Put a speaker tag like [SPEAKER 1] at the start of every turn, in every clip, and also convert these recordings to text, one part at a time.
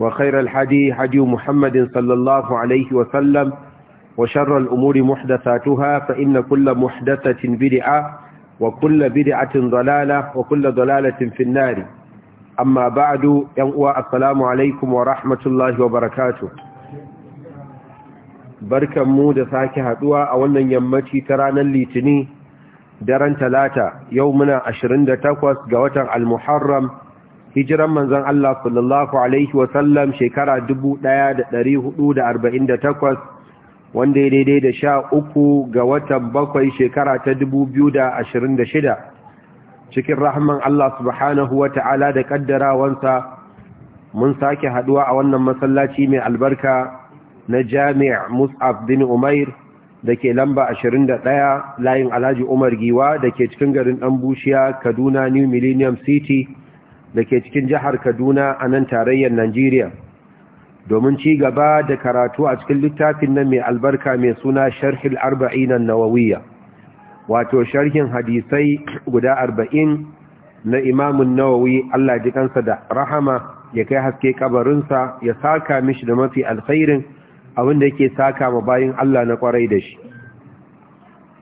[SPEAKER 1] وخير الحدي حدي محمد صلى الله عليه وسلم وشر الأمور محدثاتها فإن كل محدثة بدعة وكل بدعة ضلالة وكل ضلالة في النار أما بعد ينقوى السلام عليكم ورحمة الله وبركاته بركة مودة ساكهة دواء أولا يمتي ترانا الليتني daren talata yau muna 28 ga watan al-muharram hijiran manzon Allah sallallahu alaihi wasallam shekara 1448 wanda ya daidai da sha uku ga watan bakwai shekara ta 2026 cikin rahman Allah subhanahu wa ta'ala da kaddarawansa mun sake haduwa a wannan masallaci mai albarka na jami'a Mus'ab bin Umair da ke lamba 21 layin Alhaji Umar Giwa da ke cikin garin bushiya Kaduna New Millennium City da ke cikin jihar Kaduna a nan tarayyar Najeriya domin ci gaba da karatu a cikin littafin nan mai albarka mai suna Sharhil Arba'in an-Nawawiyya wato sharhin hadisai guda arba'in na Imam an-Nawawi Allah jikansa da rahama ya kai haske kabarinsa ya saka mishi da mafi alkhairin abinda yake saka ma bayin Allah na kwarai da shi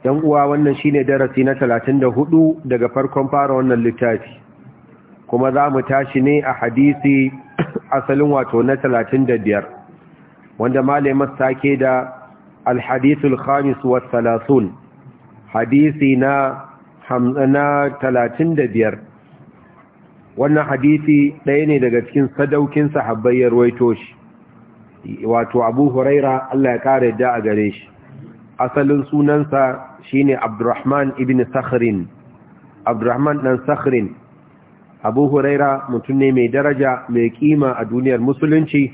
[SPEAKER 1] dan uwa wannan shine darasi na 34 daga farkon fara wannan littafi kuma za mu tashi ne a hadisi asalin wato na talatin da biyar wanda malamar take da alhadisul khamis wa salasun hadisi na talatin da biyar wannan hadisi ɗaya ne daga cikin sadaukin sahabbai ya ruwaito shi wato abu huraira Allah ya kare yadda a gare shi asalin sunansa shine abdurrahman ibn sakhrin abdurrahman dan sakhrin abu huraira mutum ne mai daraja mai kima a duniyar musulunci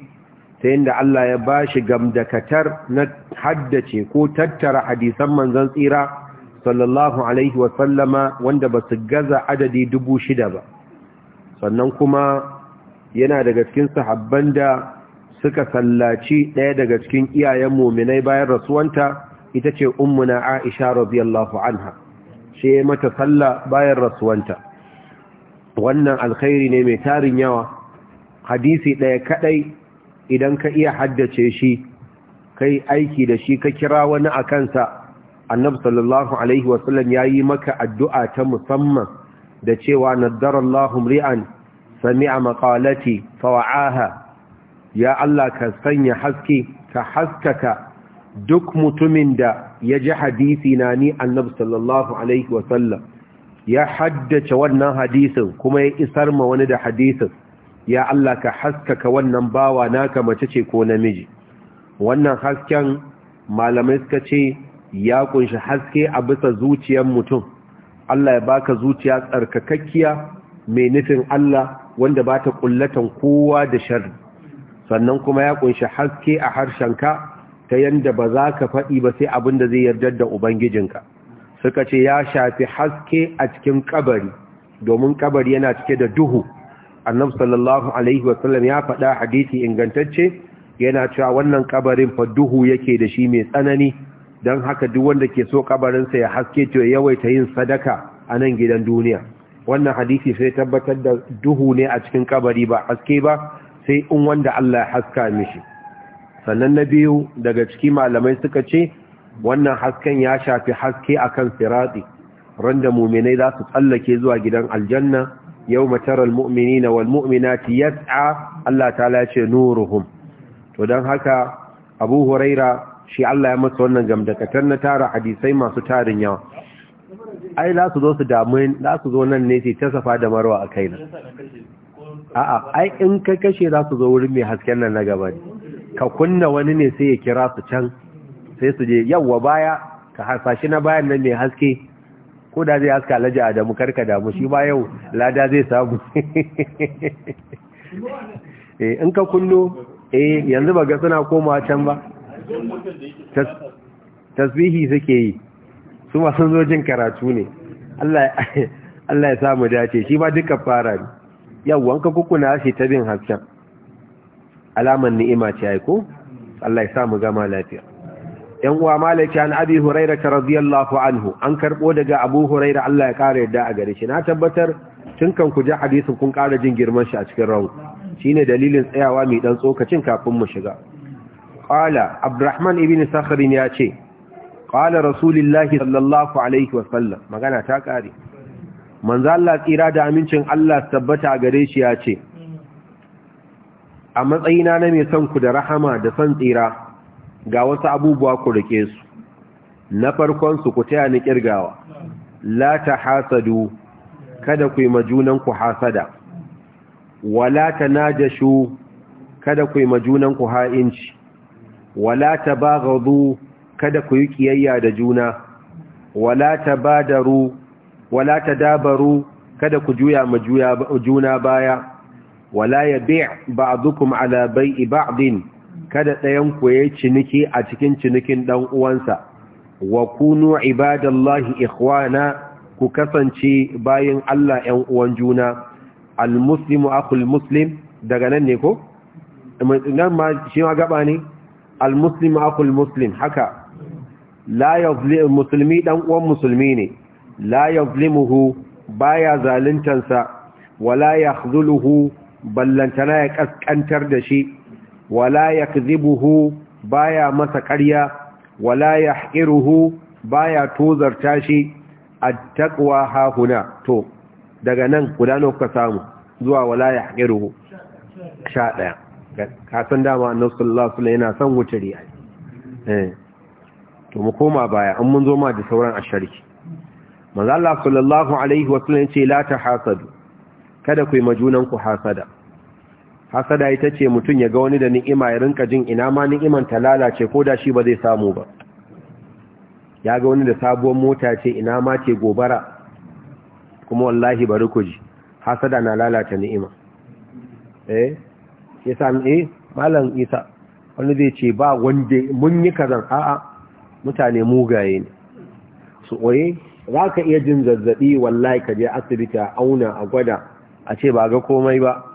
[SPEAKER 1] ta yadda Allah ya ba shi gamdakatar na haddace ko tattara hadisan manzan tsira sallallahu alaihi wasallama wanda ba su gaza adadi dubu shida ba sannan kuma yana daga cikin sahabban da suka sallaci ɗaya daga cikin iyayen muminai bayan rasuwanta ita ce ummuna aisha radiyallahu anha shi mata salla bayan rasuwanta wannan alkhairi ne mai tarin yawa hadisi ɗaya kaɗai idan ka iya haddace shi kai aiki da shi ka kira wani a kansa annabi sallallahu alaihi wasallam ya yi maka addu'a ta musamman da cewa naddarallahu ri'an sami'a maƙalati! fawa'aha ya Allah ka sanya haske ka haskaka duk mutumin da ya ji hadisi na ni annabi sallallahu alaihi wasallam ya haddace wannan hadisin kuma ya isar ma wani da hadisin ya Allah ka haskaka wannan bawa naka mace ce ko namiji wannan hasken malamai suka ce ya kunshi haske a bisa zuciyar mutum Allah ya baka zuciya tsarkakakkiya mai nufin Allah wanda ba ta kullatan kowa da shar sannan kuma ya kunshi haske a harshenka ta yanda ba za ka faɗi ba sai abin da zai yarda da ubangijinka suka ce ya shafi haske a cikin kabari domin kabari yana cike da duhu annab sallallahu alaihi wasallam ya faɗa hadisi ingantacce yana cewa wannan kabarin fa duhu yake da shi mai tsanani don haka duk wanda ke so kabarinsa ya haske to yawaita yin sadaka a nan gidan duniya wannan hadisi sai tabbatar da duhu ne a cikin kabari ba haske ba sai in wanda Allah ya haska mishi sannan na biyu daga ciki malamai suka ce wannan hasken ya shafi haske a akan sirati randa mu'minai za su tsallake zuwa gidan aljanna yau yawma mu'mini na wal mu'minati yadda Allah Ta lace ce to don haka Abu Huraira shi Allah ya masa wannan gamdakatar na tara hadisai masu tarin yawa ai za su zo su damu za su zo nan ne sai ta safa da marwa a kaina a'a ai in ka kashe za su zo wurin mai hasken nan na gaba ne ka kunna wani ne sai ya kira su can sai su je yawwa baya ka harfashi na bayan nan mai haske ko da zai haska alhaji adamu karka damu shi ba yau lada zai samu eh, in ka kunno eh yanzu ba ga suna komawa can ba tasbihi suke yi su masu zojin karatu ne Allah ya samu dace shi ba duka fara ne yawon ka kukuna shi ta bin hasken alaman ni'ima ce aiko Allah ya samu gama lafiya yan uwa malaki an abi huraira radiyallahu anhu an karbo daga abu huraira Allah ya kare yadda a gare shi na tabbatar tun kan ku ji hadisin kun kara jin girman shi a cikin rawu shine dalilin tsayawa mai dan tsokacin kafin mu shiga qala abdurrahman ibn sakhr ya ce qala rasulullahi sallallahu alaihi wa sallam magana ta kare manzo Allah tsira da amincin Allah tabbata a gare shi ya ce a matsayina na mai son ku da rahama da son tsira ga wasu abubuwa ku rike su na farkon su ku taya ni kirgawa la ta hasadu kada ku yi majunan ku hasada wala ta najashu kada ku yi majunan ku ha'inci wala ta baghadu kada ku yi kiyayya da juna wala ta badaru wala ta dabaru kada ku juya ma juna baya wala yabi' ba'dukum ala bai'i ba'din kada ɗayan ku yayi ciniki a cikin cinikin ɗan'uwansa, uwansa wa kunu ibadallahi ikhwana ku kasance bayin Allah ƴan uwan juna almuslimu akul muslim daga nan ne ko nan ma shi ma gaba ne almuslimu akhul muslim haka la yazlimu uwan musulmi ne la yazlimuhu baya zalintansa, wala yakhzuluhu ballantana ya ƙasƙantar da shi wala yakdhibuhu baya masa ƙarya wala yahqiruhu baya tozarta shi at-taqwa hahuna to daga nan guda gudano kuka samu zuwa wala yahqiruhu 11 ka san dama annabi sallallahu alaihi wasallam yana son wuce riya eh. to mu koma baya an mun zo ma da sauran ashariki manzo Allah sallallahu alaihi wasallam ce la tahasadu kada ku yi majunan ku hasada hasada ita ce mutum ya ga wani da ni'ima ya rinka jin ina ma ni'iman ta lalace ko da shi ba zai samu ba ya ga wani da sabuwar mota ce ina ma ce gobara kuma wallahi bari ku ji hasada na lalata ni'ima eh ya sami eh malam isa wani zai ce ba wanda mun yi kazan a'a mutane mugaye ne su oye za ka iya jin zazzabi wallahi ka je asibiti a auna a gwada a ce ba ga komai ba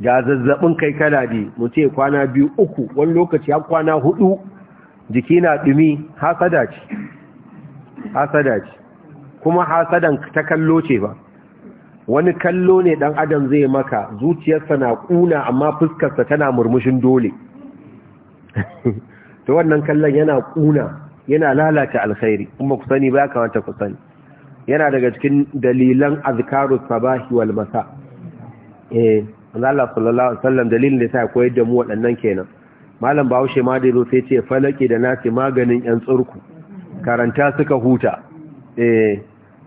[SPEAKER 1] ga zazzabin kai kana bi ce kwana biyu uku wani lokaci ya kwana hudu jiki na dumi hasada ce hasada ce kuma hasadan ta kallo ce ba wani kallo ne dan adam zai maka zuciyarsa na kuna amma fuskarsa tana murmushin dole to wannan kallon yana kuna yana lalata alkhairi kuma ku sani ba ya kamata ku sani yana daga cikin dalilan azkarus sabahi wal masa eh manzo Allah sallallahu alaihi wasallam dalilin da sa koyar da mu waɗannan kenan malam Bahaushe ma da zo sai ce falaki da nasi maganin yan tsurku karanta suka huta eh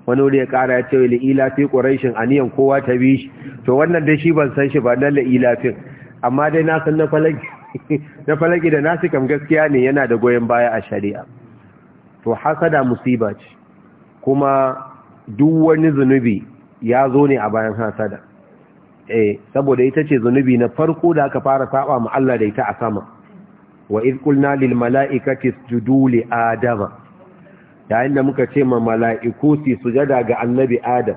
[SPEAKER 1] wani wuri ya kara ya ce li ilafi quraishin aniyan kowa ta bi shi to wannan dai shi ban san shi ba dan la ilafin amma dai na san na falaki da nasi kam gaskiya ne yana da goyen baya a shari'a to hasada musiba ce kuma duk wani zunubi ya zo ne a bayan hasada eh saboda ita ce zunubi na farko da aka fara saba ma Allah da ita a sama wa iz qulna lil mala'ikati isjudu li adama yayin da muka ce ma mala'iku su sujada ga annabi adam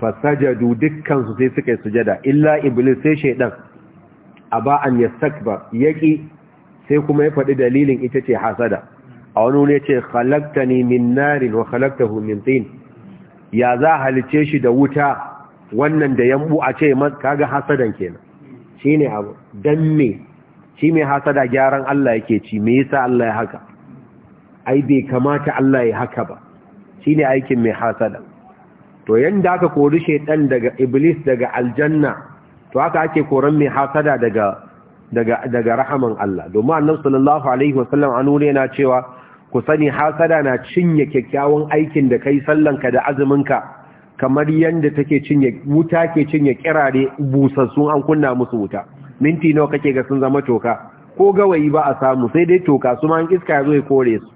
[SPEAKER 1] fasajadu dukkan su sai suka sujada illa iblis sai shaydan aba an yastakbar yaki sai kuma ya faɗi dalilin ita ce hasada a wani ne ce khalaqtani min narin wa khalaqtahu min tin ya za halice shi da wuta wannan da yambu a ce kaga hasadan kenan shine abu dan me shi mai hasada gyaran Allah yake ci me yasa Allah ya haka ai bai kamata Allah ya haka ba shine aikin mai hasada to yanda aka kori shaiɗan daga iblis daga aljanna to haka ake koran mai hasada daga daga rahaman Allah domin annabi sallallahu alaihi wasallam a nuna yana cewa ku sani hasada na cinye kyakkyawan aikin da kai sallanka da azuminka kamar yadda take cinye wuta ke cinye kirare busassun an kunna musu wuta minti nawa kake ga sun zama toka ko gawayi ba a samu sai dai toka su ma an iska ya zo ya kore su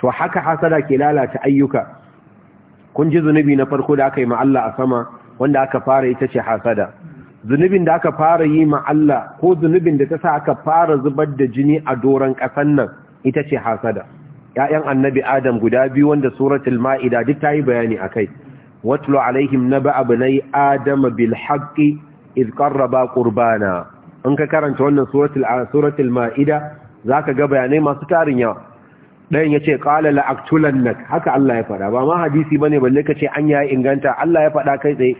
[SPEAKER 1] to haka hasada ke lalata ayyuka kun ji zunubi na farko da aka yi ma Allah a sama wanda aka fara ita ce hasada zunubin da aka fara yi ma Allah ko zunubin da ta sa aka fara zubar da jini a doron kasan nan ita ce hasada ‘ya'yan annabi Adam guda biyu wanda suratul ma'ida duk ta yi bayani a kai watlo alaihim naba abnai adama bil haqqi iz qarraba ƙurbana in ka karanta wannan suratul suratul Za zaka ga bayanai masu tarin yawa dan yace qala la aqtulannak haka Allah ya fada ba ma hadisi bane balle kace an yayi inganta Allah ya fada kai tsaye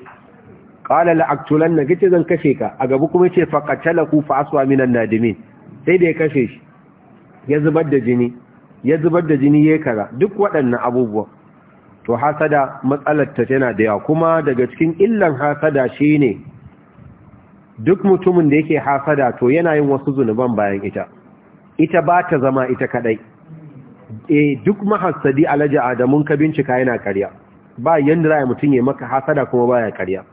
[SPEAKER 1] qala la aqtulannaka yace zan kashe ka a gaba kuma yace faqatalahu fa aswa minan nadimin sai da ya kashe shi ya zubar da jini ya zubar da jini yayi kaza duk waɗannan abubuwa to hasada matsalar ta tana da yawa kuma daga cikin illan hasada shine duk mutumin da yake hasada to yana yin wasu zunuban bayan ita ita ba ta zama ita kadai eh duk mahassadi alaja adamun ka bincika yana karya ba yanda zai mutum ya maka hasada kuma baya karya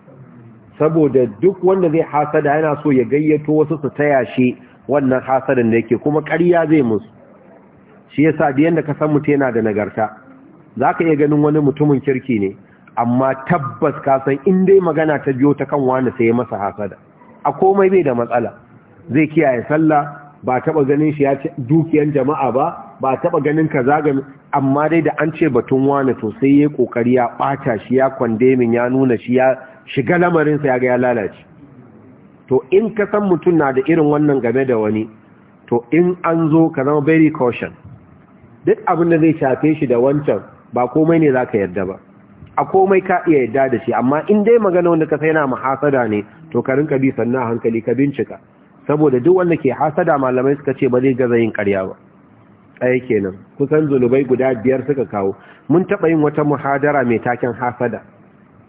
[SPEAKER 1] saboda duk wanda zai hasada yana so ya gayyato wasu su taya shi wannan hasadan da yake kuma karya zai musu shi yasa da yanda ka san mutum yana da nagarta za ka iya ganin wani mutumin kirki ne amma tabbas ka san in dai magana ta biyo ta kan wani sai masa hasada a komai bai da matsala zai kiyaye sallah ba taba ganin shi ya dukiyan jama'a ba ba taba ganin kaza ga amma dai da an ce batun wani to sai yi kokari ya bata shi ya kwande min ya nuna shi ya shiga lamarinsa ya ga ya lalace to in ka san mutum na da irin wannan game da wani to in an zo ka zama very caution duk abin da zai shafe shi da wancan ba komai ne zaka yarda ba a komai ka iya yarda da shi amma in dai magana wanda ka sai yana muhasada ne to ka rinka bi sannan hankali ka bincika saboda duk wanda ke hasada malamai suka ce ba zai gaza yin ƙarya ba ɗaya kenan kusan zunubai guda biyar suka kawo mun taɓa yin wata muhadara mai taken hasada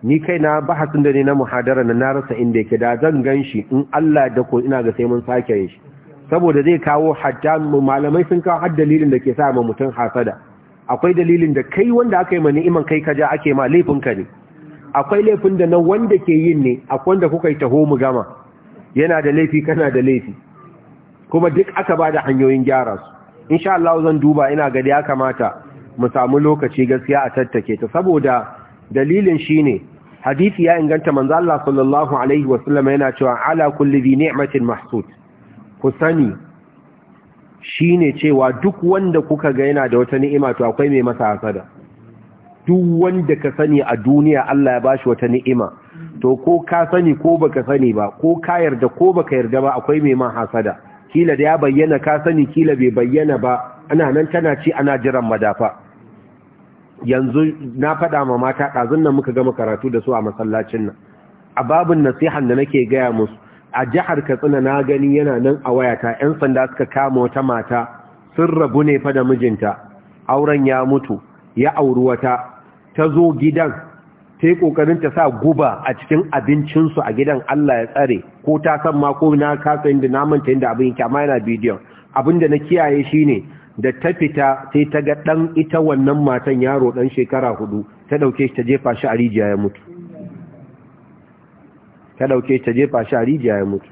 [SPEAKER 1] ni kai na bahasin da ne na muhadara na na rasa inda yake da zan gan shi in Allah da ko ina ga sai mun sake yin shi saboda zai kawo hadda malamai sun kawo har dalilin da ke sa ma mutum hasada akwai dalilin da kai wanda aka yi ma ni'iman kai ka ja ake ma laifin ka ne akwai laifin da na wanda ke yin ne akwai wanda kuka yi taho mu gama yana da laifi kana da laifi kuma duk aka ba da hanyoyin gyara su insha Allah zan duba ina ga da ya kamata mu samu lokaci gaskiya a tattake ta saboda dalilin shine hadisi ya inganta manzo Allah sallallahu alaihi wasallam yana cewa ala kulli bi ni'matin mahsud ku sani Shi ne cewa duk wanda kuka ga yana da wata ni'ima to akwai mai masa hasada duk wanda ka sani a duniya Allah ya bashi wata ni'ima to ko ka sani ko baka sani ba ko ka yarda ko baka yarda ba akwai mai ma hasada kila da ya bayyana ka sani kila bai bayyana ba ana nan tana ci ana jiran madafa yanzu na faɗa ma mata ɗazun nan muka gama karatu da su a masallacin nan a babin nasihan da nake gaya musu a jihar katsina na gani yana nan a wayata 'yan sanda suka kama wata mata sun rabu ne fa da mijinta auren ya mutu ya auri wata ta zo gidan ta yi ƙoƙarin ta sa guba a cikin abincinsu a gidan Allah ya tsare ko ta san ma ko na kasa inda na manta inda abin yake amma yana bidiyon abin da na kiyaye shine da ta fita sai ta ga ɗan ita wannan matan yaro ɗan shekara hudu ta ɗauke shi ta jefa shi a rijiya ya mutu ta dauke ta jefa shi a rijiya ya mutu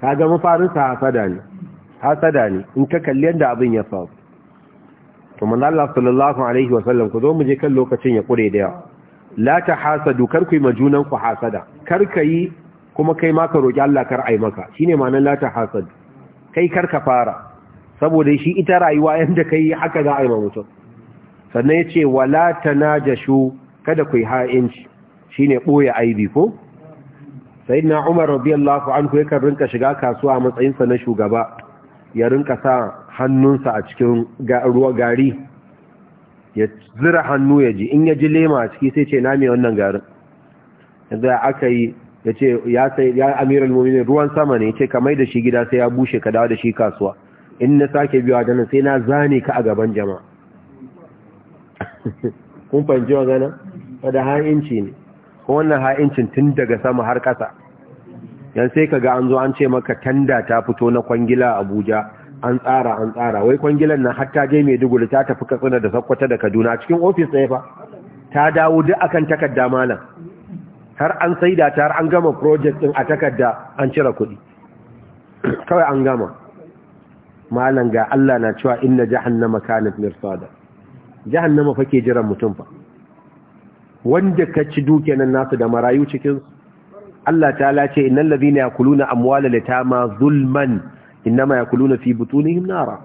[SPEAKER 1] ka ga mafarinsa hasada ne in ka kalli yadda abin ya faru to manzo Allah sallallahu alaihi wa sallam ku zo mu je kan lokacin ya kure da yawa la hasadu kar ku yi majunan ku hasada kar ka yi kuma kai ma ka roki Allah kar ai maka shine ma'anar la hasad kai kar ka fara saboda shi ita rayuwa yanda kai haka za a yi ma mutum sannan yace wala tanajashu kada ku yi ha'inci shine boye aibi ko na Umar radiyallahu anhu yakan rinka shiga kasuwa a matsayinsa na shugaba ya rinka sa hannunsa a cikin ruwa gari ya zira hannu ya ji in ya ji lema a ciki sai ce na me wannan garin yanzu aka yi ya ce ya sai amiral mu'minin ruwan sama ne ce kamar da shi gida sai ya bushe ka dawo da shi kasuwa in na sake biya da sai na zane ka a gaban jama'a kun fahimci wa gana da har ne wannan ha'incin tun daga sama har ƙasa yan sai ka ga an zo an ce maka tanda ta fito na kwangila abuja an tsara an tsara wai kwangilan nan hatta je maiduguri ta tafi katsina da sakwata da kaduna cikin ofis ɗaya fa ta dawo duk akan takarda malam har an saida ta har an gama project din a takarda an cire kuɗi kawai an gama malam ga Allah na cewa inna jahannama kanat mirsada jahannama fake jiran mutum fa wanda ka ci dukiyanin nasu da marayu cikin Allah ta lace na ladhina yakuluna amwala ma zulman innama yakuluna fi butunihim nara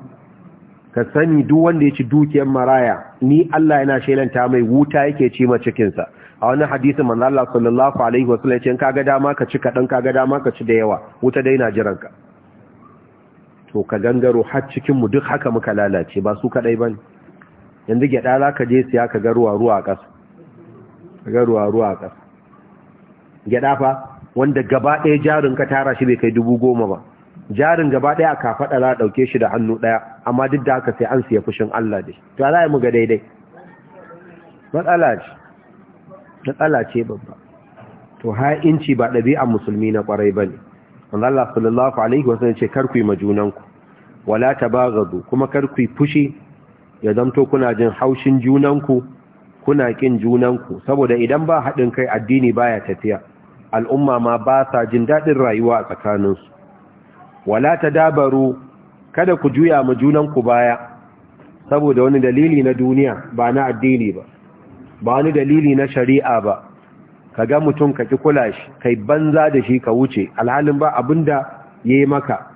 [SPEAKER 1] ka sani duk wanda ya ci dukiyar maraya ni Allah yana ta mai wuta yake ci ma cikinsa a wani hadisi, manzo Allah sallallahu alaihi wasallam ya ce kaga dama ka ci kadan kaga dama ka ci da yawa wuta dai na jiran ka to ka gangaro har cikinmu duk haka muka lalace ba su kadai bane yanzu gyada ka je siya ka ga ruwa ruwa a ƙasa garuwa ruwa a fa wanda gaba ɗaya jarin ka tara shi bai kai dubu goma ba jarin gaba ɗaya ka faɗa za a ɗauke shi da hannu ɗaya amma duk da haka sai an siya fushin Allah da shi to za a mu ga daidai matsala ce matsala ce babba to inci ba ɗabi'a musulmi na ƙwarai ba ne wanda Allah sallallahu alaihi wasallam ce kar ku yi majunanku wala tabaghadu kuma kar ku yi fushi ya zamto kuna jin haushin junanku kuna kin junanku saboda idan ba haɗin kai addini baya tafiya al'umma ma ba sa jin daɗin rayuwa a tsakaninsu wala ta dabaru kada ku juya ma junanku baya saboda wani dalili na duniya ba na addini ba ba wani dalili na shari'a ba ka ga mutum ka ki kula shi kai banza da shi ka wuce alhalin ba abinda ya yi maka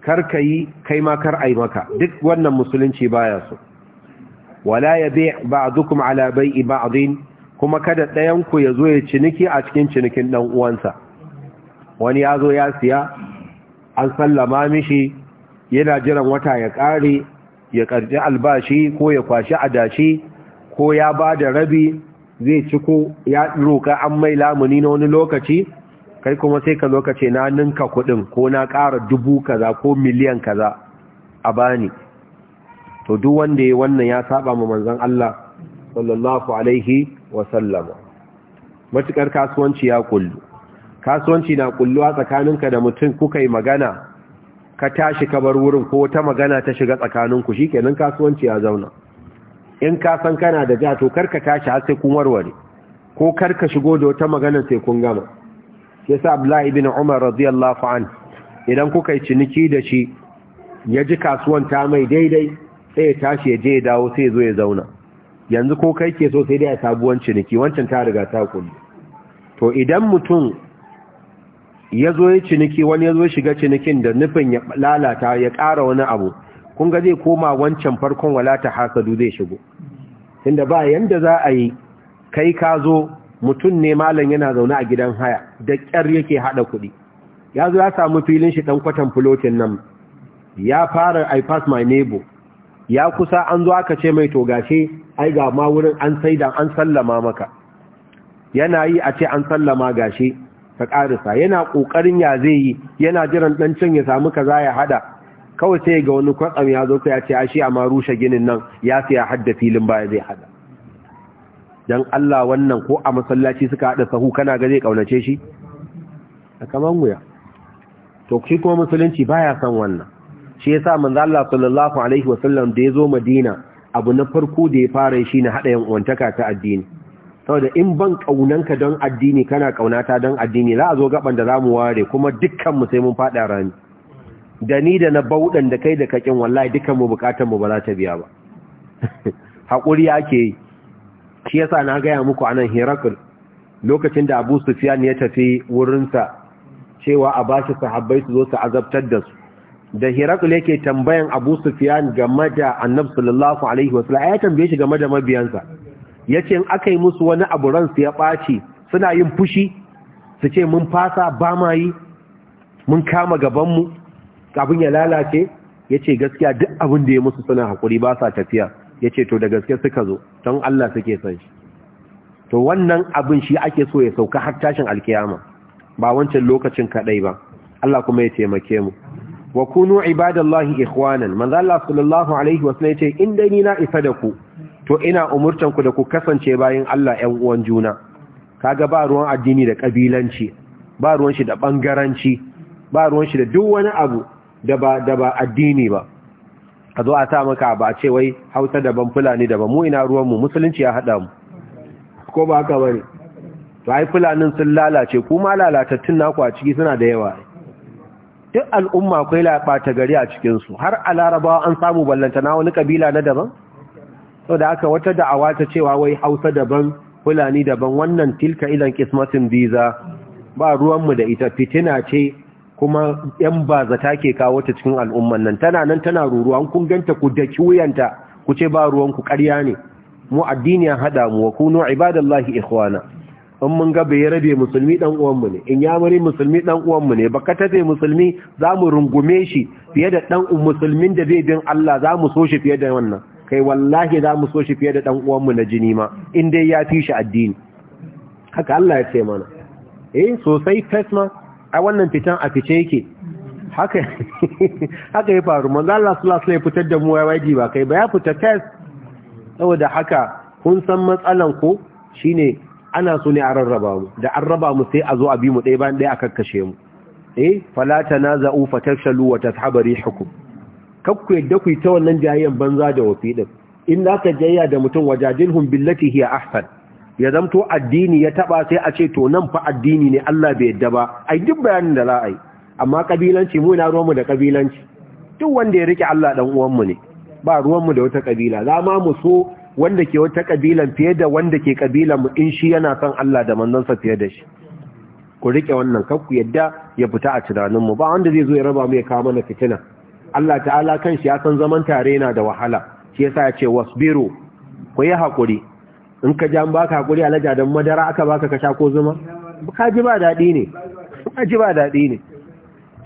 [SPEAKER 1] kar ka yi kai ma kar ai maka duk wannan musulunci baya so wala ya yabi ba'dukum zukum bai'i ba'din kuma kada ɗayanku ya zo ya ciniki a cikin cinikin ɗan uwansa wani ya zo ya siya an sallama mishi yana jiran wata ya ƙare ya ƙarfi albashi ko ya kwashi adashi ko ya ba da rabi zai ci ko ya roƙa an mai lamuni na wani lokaci kai kuma sai ka lokaci na ninka kuɗin ko na ƙara dubu kaza ko miliyan kaza a bani to duk wanda ya wannan ya saba ma manzon Allah sallallahu alaihi wa sallama matukar kasuwanci ya kullu kasuwanci na kullu a tsakaninka da mutum kuka yi magana ka tashi ka bar wurin ko ta magana ta shiga tsakaninku shikenan kasuwanci ya zauna in ka san kana da ja to karka tashi har sai kun warware ko karka shigo da wata magana sai kun gama yasa Abdullahi ibn Umar radiyallahu anhu idan kuka yi ciniki da shi ya ji kasuwan ta mai daidai sai ya tashi ya je ya dawo sai ya zo ya zauna yanzu ko kai ke so sai dai a sabuwan ciniki wancan ta riga ta kullu to idan mutum ya zo ya ciniki wani ya zo shiga cinikin da nufin ya lalata ya ƙara wani abu kun ga zai koma wancan farkon walata hasadu zai shigo inda ba yanda za a yi kai ka zo mutum ne malam yana zaune a gidan haya da ƙyar yake haɗa kuɗi ya zo ya samu filin shi ɗan kwatan fulotin nan ya fara i pass my neighbor ya kusa an zo aka ce mai to gashi ai ga ma wurin an saida an sallama maka yana yi a ce an sallama gashi ta karisa yana kokarin ya zai yi yana jiran dan cin ya samu kaza ya hada kawai sai ga wani kwatsam ya zo ka ya ce a shi a rushe ginin nan ya sai ya hadda filin baya zai hada dan Allah wannan ko a masallaci suka hada sahu kana ga zai kaunace shi a kaman wuya to shi kuma musulunci baya son wannan shi yasa manzo Allah sallallahu alaihi wasallam da yazo Madina abu na farko da ya fara shi na hada yan uwantaka ta addini saboda in ban kaunanka don addini kana ta don addini za a zo gaban da zamu ware kuma dukkan mu sai mun fada rani da ni da na baudan da kai da kakin wallahi dukkan mu bukatun mu ba za ta biya ba hakuri ake yi shi yasa na gaya muku anan hirakul lokacin da Abu Sufyan ya tafi wurin sa cewa a bashi sahabbai su zo su azabtar da su da Hirakul yake tambayan Abu Sufyan game da Annabi sallallahu alaihi wasallam ya tambaye shi game da mabiyansa yace in akai musu wani abu ran su ya baci suna yin fushi su ce mun fasa ba ma yi mun kama gaban mu kafin ya lalace yace gaskiya duk abin da ya musu suna hakuri ba sa tafiya yace to da gaske suka zo don Allah suke san shi to wannan abin shi ake so ya sauka har tashin alkiyama ba wancan lokacin kadai ba Allah kuma ya taimake mu wa kunu ibadallahi ikhwanan manzo Allah sallallahu alaihi wasallam yace in dai ni na isa da ku to ina umurtan ku da ku kasance bayin Allah ƴan uwan juna kaga ba ruwan addini da kabilanci ba ruwan shi da bangaranci ba ruwan shi da duk wani abu da ba da ba addini ba a zo a sa maka ba a ce wai Hausa daban Fulani daban mu ina ruwan mu musulunci ya hada mu ko ba haka bane to ai Fulanin sun lalace kuma lalatattun naku a ciki suna da yawa duk al'umma akwai laɓata gari a cikinsu har a larabawa an samu ballanta na wani kabila na daban so da aka wata da'awa ta cewa wai hausa daban fulani daban wannan tilka idan kismatin biza ba ruwanmu da ita fitina ce kuma yan ta ke kawo ta cikin al'umman nan tana nan tana ruruwa kun ganta ku da wuyanta ku ce ba ruwanku ƙarya ne mu addini ya haɗa mu wa kunu ibadallahi ikhwana in mun ga bai rabe musulmi dan uwanmu ne in yamuri musulmi dan uwanmu ne baka tafe musulmi za mu rungume shi fiye da dan musulmin da zai bin Allah za mu so shi fiye da wannan kai wallahi za mu so shi fiye da dan uwanmu na jini ma in dai ya fi shi addini haka Allah ya ce mana eh sosai ma a wannan fitan a fice yake haka haka ya faru manzo Allah sallallahu alaihi wasallam fitar da mu waji ba kai ba ya fita test saboda haka kun san matsalan ko shine ana so ne a rarraba mu da an raba mu sai a zo a bi mu ɗaya bayan ɗaya a kakkashe mu eh fala tanaza'u fatashalu wa tashaba rihukum kakku yadda ku yi ta wannan jayyan banza da wafi din in ka jayya da mutum wajadilhum billati hiya ahsan ya zamto addini ya taba sai a ce to nan fa addini ne Allah bai yadda ba ai duk bayanin da za a yi amma kabilanci mu na ruwanmu da kabilanci duk wanda ya rike Allah dan mu ne ba ruwan mu da wata kabila za ma mu so wanda ke wata kabilan fiye da wanda ke kabilan mu in shi yana son Allah da manzansa fiye da shi ku rike wannan ku yadda ya fita a tunanin mu ba wanda zai zo ya raba mu ya kawo mana fitina Allah ta'ala kan shi ya san zaman tare yana da wahala shi yasa ya ce wasbiru ku yi hakuri in ka ja baka hakuri laja dan madara aka baka ka sha ko zuma ka ji ba daɗi ne ka ji ba daɗi ne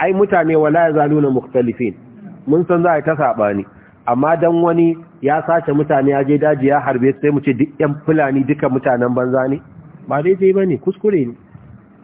[SPEAKER 1] ai mutane wala ya zaluna mukhtalifin mun san za a ta saɓani amma dan wani ya sace mutane ya je daji ya harbe sai mu ce duk yan fulani duka mutanen banza ne ba dai-dai ba ne kuskure ne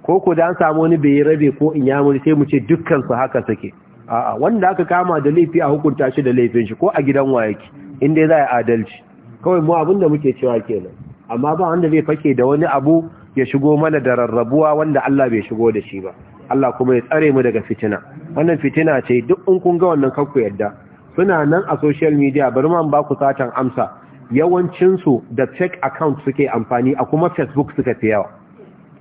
[SPEAKER 1] ko ko da an samu wani bai rabe ko in mu sai mu ce dukkan su haka suke a'a wanda aka kama da laifi a hukunta shi da laifin shi ko a gidan wayaki in dai za a adalci kawai mu abinda muke cewa kenan amma ba wanda zai fake da wani abu ya shigo mana da rarrabuwa wanda Allah bai shigo da shi ba Allah kuma ya tsare mu daga fitina wannan fitina ce duk in kun ga wannan kanku yadda suna nan a social media bari man ba ku satan amsa yawancinsu da check account suke amfani a kuma facebook suka fi yawa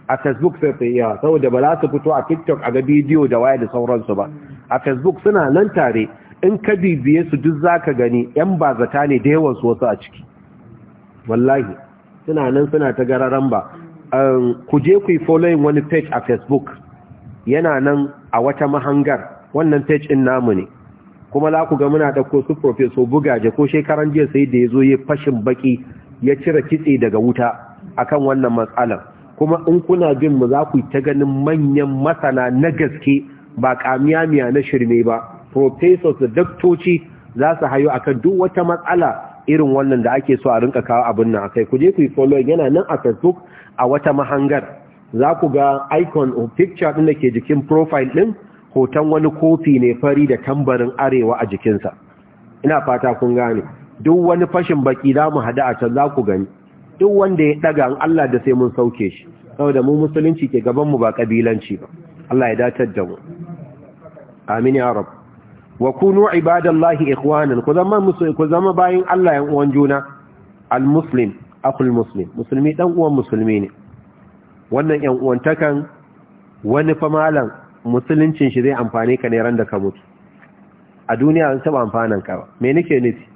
[SPEAKER 1] a facebook suka fi yawa saboda ba za su fito a tiktok a ga bidiyo da waya da sauransu ba a facebook suna nan tare in ka bibiye su duk zaka gani yan bazata ne da yawan su wasu a ciki wallahi suna nan suna ta gararan ba um, ku je ku yi following wani page a facebook yana nan a wata mahangar wannan page in namu ne kuma za ku ga muna ɗauko su profeso bugaje ko shekaran jiya sai da ya zo ya fashin baki ya cire kitse daga wuta akan wannan matsalar kuma in kuna bin mu za ku ta ganin manyan masana na gaske ba miya na shirme ba professors da daktoci za su hayo akan duk wata matsala irin wannan da ake so a rinka kawo abin nan akai ku je ku follow yana nan a Facebook a wata mahangar za ku ga icon or picture din da ke jikin profile din hoton wani kofi ne fari da tambarin arewa a jikinsa ina fata kun gane duk wani fashin baki za mu hada a can za ku gani duk wanda ya daga an Allah da sai mun sauke shi saboda mu musulunci ke gaban mu ba kabilanci ba Allah ya datar da mu amin ya rab wa kunu ibadallahi ikhwanan ku zama musulmi ku zama bayin Allah yan uwan juna almuslim akhul muslim musulmi dan uwan musulmi ne wannan yan uwantakan wani fa malam musuluncin shi zai amfani ka ne ran da ka mutu a duniya an saba amfanan ka ba me nake nufi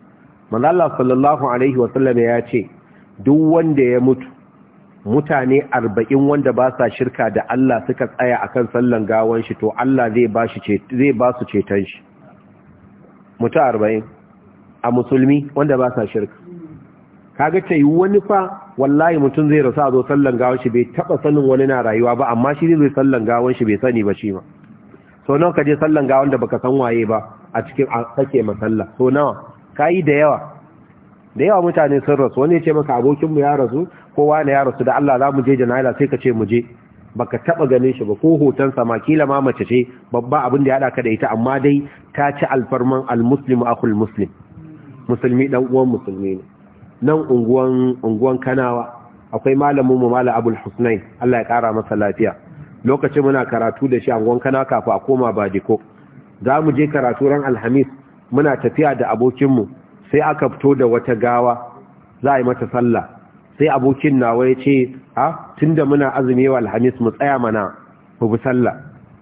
[SPEAKER 1] manzo Allah sallallahu alaihi wa sallam ya ce duk wanda ya mutu mutane 40 wanda ba sa shirka da Allah suka tsaya akan sallan gawan shi to Allah zai ba shi zai ba su ceton shi mutu 40 a musulmi wanda ba sa shirka kaga tayi wani fa wallahi mutum zai rasu a zo sallan gawon shi bai taba sanin wani na rayuwa ba amma shi zai sallan gawon shi bai sani ba shi ma so nawa ka je sallan gawon da baka san waye ba a cikin kake masalla so nawa kai da yawa da yawa mutane sun rasu wani ya ce maka mu ya rasu kowa na ya rasu da Allah zamu mu je jana'ila sai ka ce mu je baka taba ganin shi ba ko hoton sa ma kila ma mace ce babba abin da ya hada ka da ita amma dai ta ci alfarman almuslimu akhul muslim musulmi dan uwan musulmi ne nan unguwan unguwan kanawa akwai malamin mu malam abul husnai Allah ya kara masa lafiya lokacin muna karatu da shi unguwan kana kafa a koma badiko za mu je karatu ran alhamis muna tafiya da abokinmu sai aka fito da wata gawa za a yi mata sallah sai abokin nawa ya ce a ah, tunda muna azumi wa alhamis mu tsaya mana mu bi sallah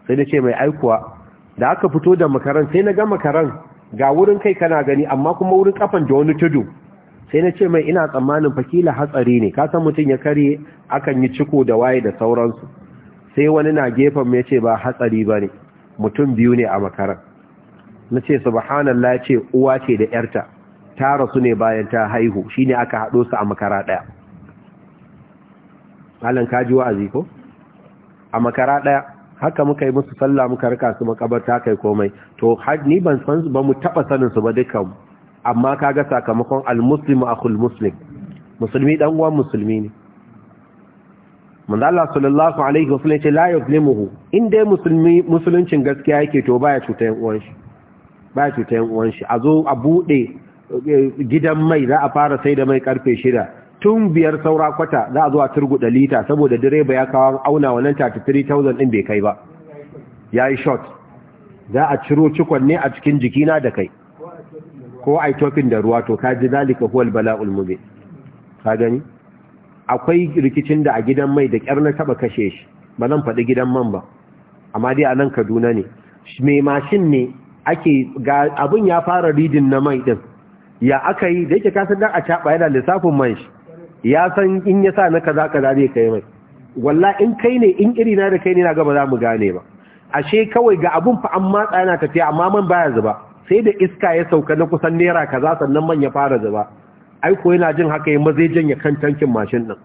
[SPEAKER 1] sai na ce mai aikuwa da aka fito da makaran sai na ga makaran ga wurin kai kana gani amma kuma wurin kafan da wani tudu sai na ce mai ina tsammanin fakila hatsari ne kasan mutum ya kare akan yi ciko da waye da sauransu sai wani na gefen mai ce ba hatsari ba ne mutum biyu ne a makaran na ce subhanallah ce uwa ce da yarta ta rasu ne bayan ta haihu shi ne aka haɗo su a makara ɗaya halin kaji wa'azi ko a makara ɗaya haka muka yi musu sallah muka rika su makabarta kai komai to ni ban san ba mu taɓa sanin su ba dukkanmu amma kaga sakamakon al-muslimu akhul muslim musulmi dan uwan musulmi ne manzo Allah sallallahu alaihi wa ya ce la yuzlimuhu inda musulmi musuluncin gaskiya yake to baya cuta yan uwan shi baya cuta yan uwan shi a zo a bude eh, gidan mai za a fara sai da mai karfe shida tun biyar saura kwata za a zo a turguda lita saboda direba ya kawo auna wannan 33000 din bai kai ba yayi short za a ciro cikon ne a cikin jikina da kai ko ai tofin da ruwa to kaji zalika huwal bala'ul mubin ka gani akwai rikicin da a gidan mai da kyar na taba kashe shi ba zan faɗi gidan man ba amma dai a nan Kaduna ne mai mashin ne ake ga ya fara ridin na mai din ya aka yi da yake kasan dan a caɓa yana lissafin man shi ya san in ya sa na kaza kaza zai kai mai walla in kai ne in iri na da kai ne na gaba za mu gane ba ashe kawai ga abun fa an matsa yana tafiya amma man baya zuba sai da iska ya sauka na kusan naira kaza sannan man ya fara zuba Aiko yana jin haka ya mazai janya kan tankin mashin ɗin.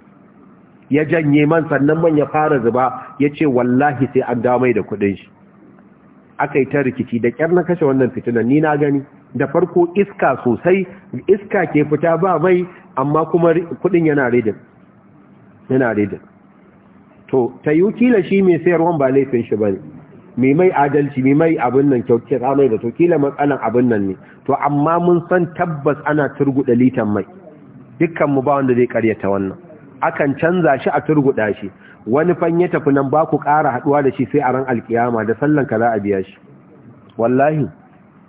[SPEAKER 1] ya janye man sannan man ya fara zuba ya ce wallahi sai an damai da kudin shi aka yi ta rikici da kyar na kashe wannan fitinan ni na gani da farko iska sosai iska ke fita ba mai amma kuma kudin yana redin yana redin to ta yi kila shi mai sayarwan ba laifin shi ba ne mai mai adalci mai mai abin nan kyauke mai da to kila matsalan abin nan ne to amma mun san tabbas ana turguda litan mai dukkan mu ba wanda zai karyata wannan akan canza shi a turguda shi wani fan ya tafi nan ba ku ƙara haduwa da shi sai a ran alkiyama da sallan ka za a biya shi wallahi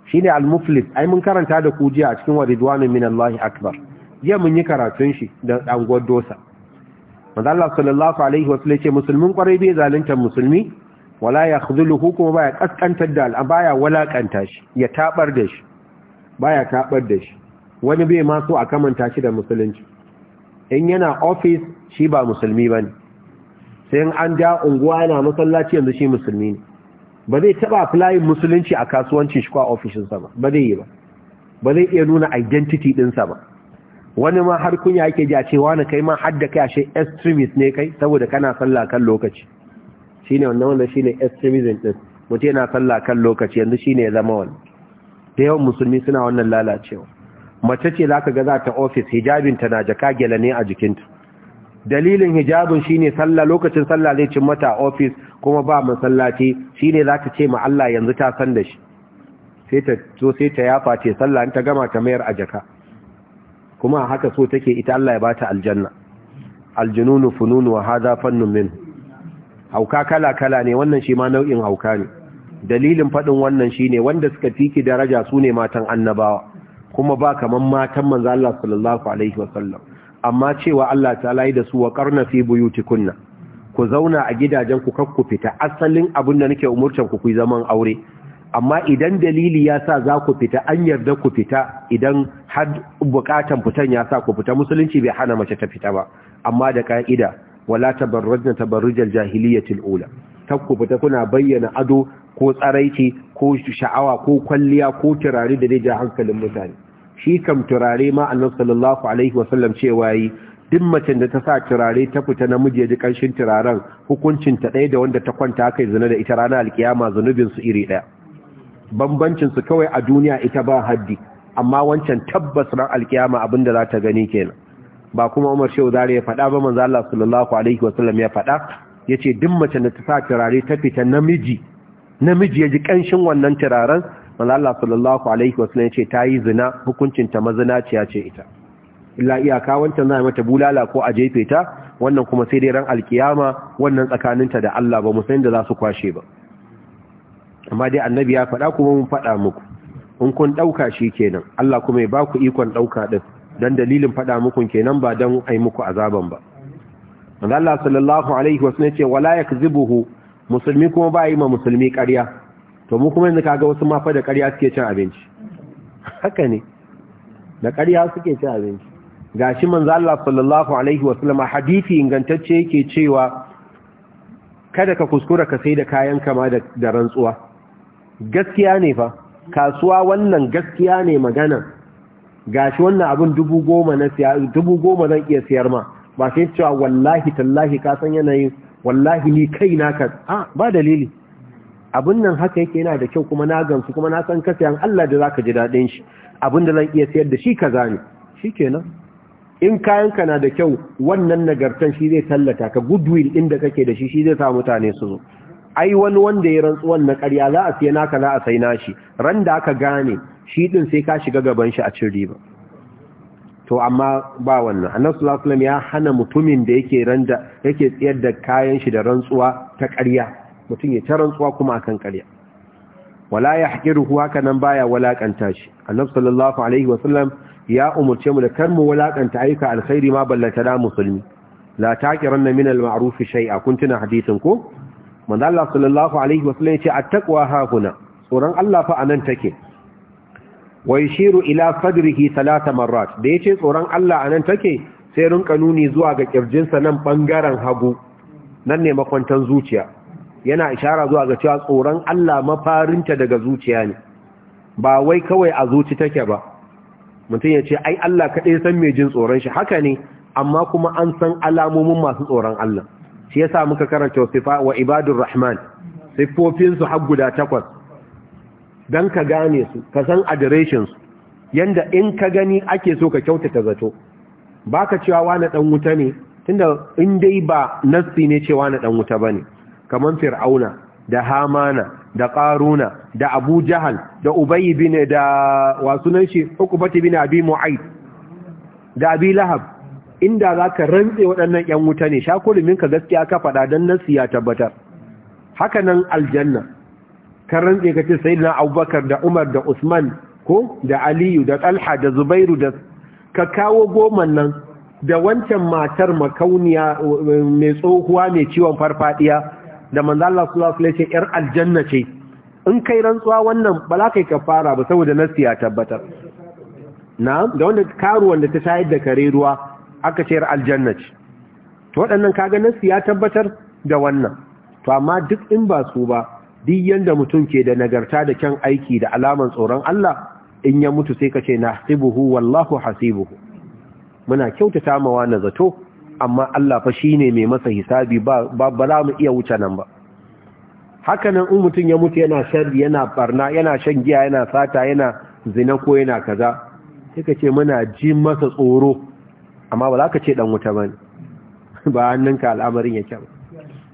[SPEAKER 1] shine al-muflis ai mun karanta da ku jiya a cikin waridwanu min akbar jiya mun yi karatun shi da dan dosa. manzo Allah sallallahu alaihi wasallam ya ce musulmin kwarai bai zalunta musulmi wala ya khuzuluhu kuma baya kaskantar da al'am baya walakanta shi ya tabar da shi baya tabar da shi wani bai ma so a kamanta shi da musulunci in yana office shi ba musulmi bane sai in an ja unguwa yana masallaci yanzu shi musulmi ne ba zai taba flying musulunci a kasuwancin shi ko a sa ba ba zai yi ba ba zai iya nuna identity din sa ba wani ma har kunya yake ji cewa na kai ma har da kai ashe extremist ne kai saboda kana sallah kan lokaci shine wannan wannan shine extremism din mutum yana sallah kan lokaci yanzu shine ya zama wani da yawan musulmi suna wannan lalacewa mace ce zaka ga za ta office hijabinta na jaka gele ne a jikinta dalilin hijabin shine sallah lokacin sallah zai cin mata office kuma ba masallaci shine zaka ce ma Allah yanzu ta san da shi sai ta so sai ta yafa ta sallah in ta gama ta mayar a jaka kuma haka so take ita Allah ya bata aljanna aljununu fununu wa hadha fannun minhu hauka kala-kala ne wannan shi ma nau'in hauka ne dalilin faɗin wannan shi ne wanda suka fiki daraja su ne matan annabawa kuma ba kamar matan manzo Allah sallallahu alaihi wasallam amma cewa Allah ta layi da su wa karna fi buyutikunna ku zauna a gidajen ku kakku fita asalin abin da nake umurtan ku ku zaman aure amma idan dalili ya sa za ku fita an yarda ku fita idan har bukatan fitan ya sa ku fita musulunci bai hana mace ta fita ba amma da ka'ida wala tabarrajna tabarrujal jahiliyatil ula takku fita kuna bayyana ado ko tsaraici ko sha'awa ko kwalliya ko turare da zai hankalin mutane shi kam turare ma annabi sallallahu alaihi wasallam cewa yi duk macen da ta sa turare ta fita namiji ya ji kanshin turaren hukuncin ta ɗaya da wanda ta kwanta kai zina da ita ranar alkiyama zunubin su iri ɗaya bambancin su kawai a duniya ita ba haddi amma wancan tabbas ran alkiyama abinda za ta gani kenan ba kuma Umar Shehu Zare ya faɗa ba manzo Allah sallallahu alaihi wasallam ya faɗa yace duk mace da ta sa turare ta fita namiji namiji ya ji kanshin wannan turaren manzo Allah sallallahu alaihi wasallam yace ta yi zina hukuncin ta mazina ce ita illa iyaka wancan zai mata bulala ko a jefe ta wannan kuma sai dai ran alkiyama wannan tsakaninta da Allah ba mu san da za su kwashe ba amma dai annabi ya faɗa kuma mun faɗa muku in kun ɗauka shi kenan Allah kuma ya ba ku ikon ɗauka ɗin don dalilin faɗa muku kenan ba don ai muku azaban ba Allah sallallahu alaihi wasallam ce wala yakzibuhu musulmi kuma ba yi ma musulmi ƙarya to mu kuma yanzu kaga wasu fa da ƙarya suke cin abinci haka ne da ƙarya suke cin abinci gashi manzo Allah sallallahu alaihi wasallam hadisi ingantacce yake cewa kada ka kuskura ka sai da kayan kama da rantsuwa gaskiya ne fa kasuwa wannan gaskiya ne magana Ga shi wannan abin dubu goma na dubu goma zan iya siyar ma ba sai cewa wallahi tallahi ka san yanayin wallahi ni kai na ka a ba dalili abin nan haka yake yana da kyau kuma na gamsu kuma na san kasa yan Allah da zaka ji dadin shi abin da zan iya siyar da shi kaza ne shikenan in kayan ka na da kyau wannan nagartan shi zai tallata ka goodwill inda kake da shi shi zai sa mutane su zo ai wani wanda ya rantsuwan na ƙarya za a sai naka za a sai nashi ran da aka gane shi din sai ka shiga gaban shi a cin riba to amma ba wannan annabi sallallahu alaihi ya hana mutumin da yake randa yake tsayar da kayan shi da rantsuwa ta ƙarya mutum ya ta rantsuwa kuma akan ƙarya wala ya yahqiruhu haka nan baya walaƙanta shi annabi sallallahu alaihi wasallam ya umurce mu da kar mu walaƙanta ayyuka alkhairi ma ballata da musulmi la taqiranna min alma'ruf shay'a kuntuna tuna hadisin ko manzo Allah sallallahu alaihi wasallam yace at-taqwa ha tsoron Allah fa anan take Wai yashiru ila sadrihi thalatha marrat da yace tsoron Allah anan take sai rinka nuni zuwa ga kirjinsa nan bangaren hagu nan ne makwantan zuciya yana ishara zuwa ga cewa tsoron Allah mafarinta daga zuciya ne ba wai kawai a zuci take ba mutum ya ce ai Allah kaɗai san mai jin tsoron shi haka ne amma kuma an san alamomin masu tsoron Allah shi yasa muka karanta sifa wa ibadur rahman sifofin su har guda takwas dan ka gane su ka san adoration su yanda in ka gani ake so ka kyautata zato baka cewa wani dan wuta ne tunda in dai ba nassi ne cewa na dan wuta bane kaman fir'auna da hamana da qaruna da abu jahal da ubay bin da wasunan shi ukubati bin abi mu'ayd da abi lahab inda za ka rantse waɗannan ‘yan wuta ne shakurumin ka gaskiya ka faɗa don nasu siya tabbatar haka nan aljanna ka rantse ka ce sai na abubakar da umar da usman ko da aliyu da talha da zubairu da ka kawo goman nan da wancan matar makauniya mai tsohuwa mai ciwon farfaɗiya. da manzala yar aljanna ce in kai rantsuwa wannan ba kai ka fara ba saboda nasu ya tabbatar na da wanda karuwan da ta shayar da kare ruwa aka ce aljanna ce to waɗannan kaga su ya tabbatar da wannan to amma duk in ba su ba duk yadda mutum ke da nagarta da kyan aiki da alaman tsoron Allah in ya mutu sai ka ce na nahsibuhu wallahu hasibuhu muna kyautata mawa na zato amma Allah fa shi ne mai masa hisabi ba ba mu iya wuce nan ba hakanan in mutum ya mutu yana sharri yana barna yana shan giya yana sata yana zina ko yana kaza sai ka ce muna ji masa tsoro amma ba za ka ce dan wuta ba ba hannunka al'amarin yake ba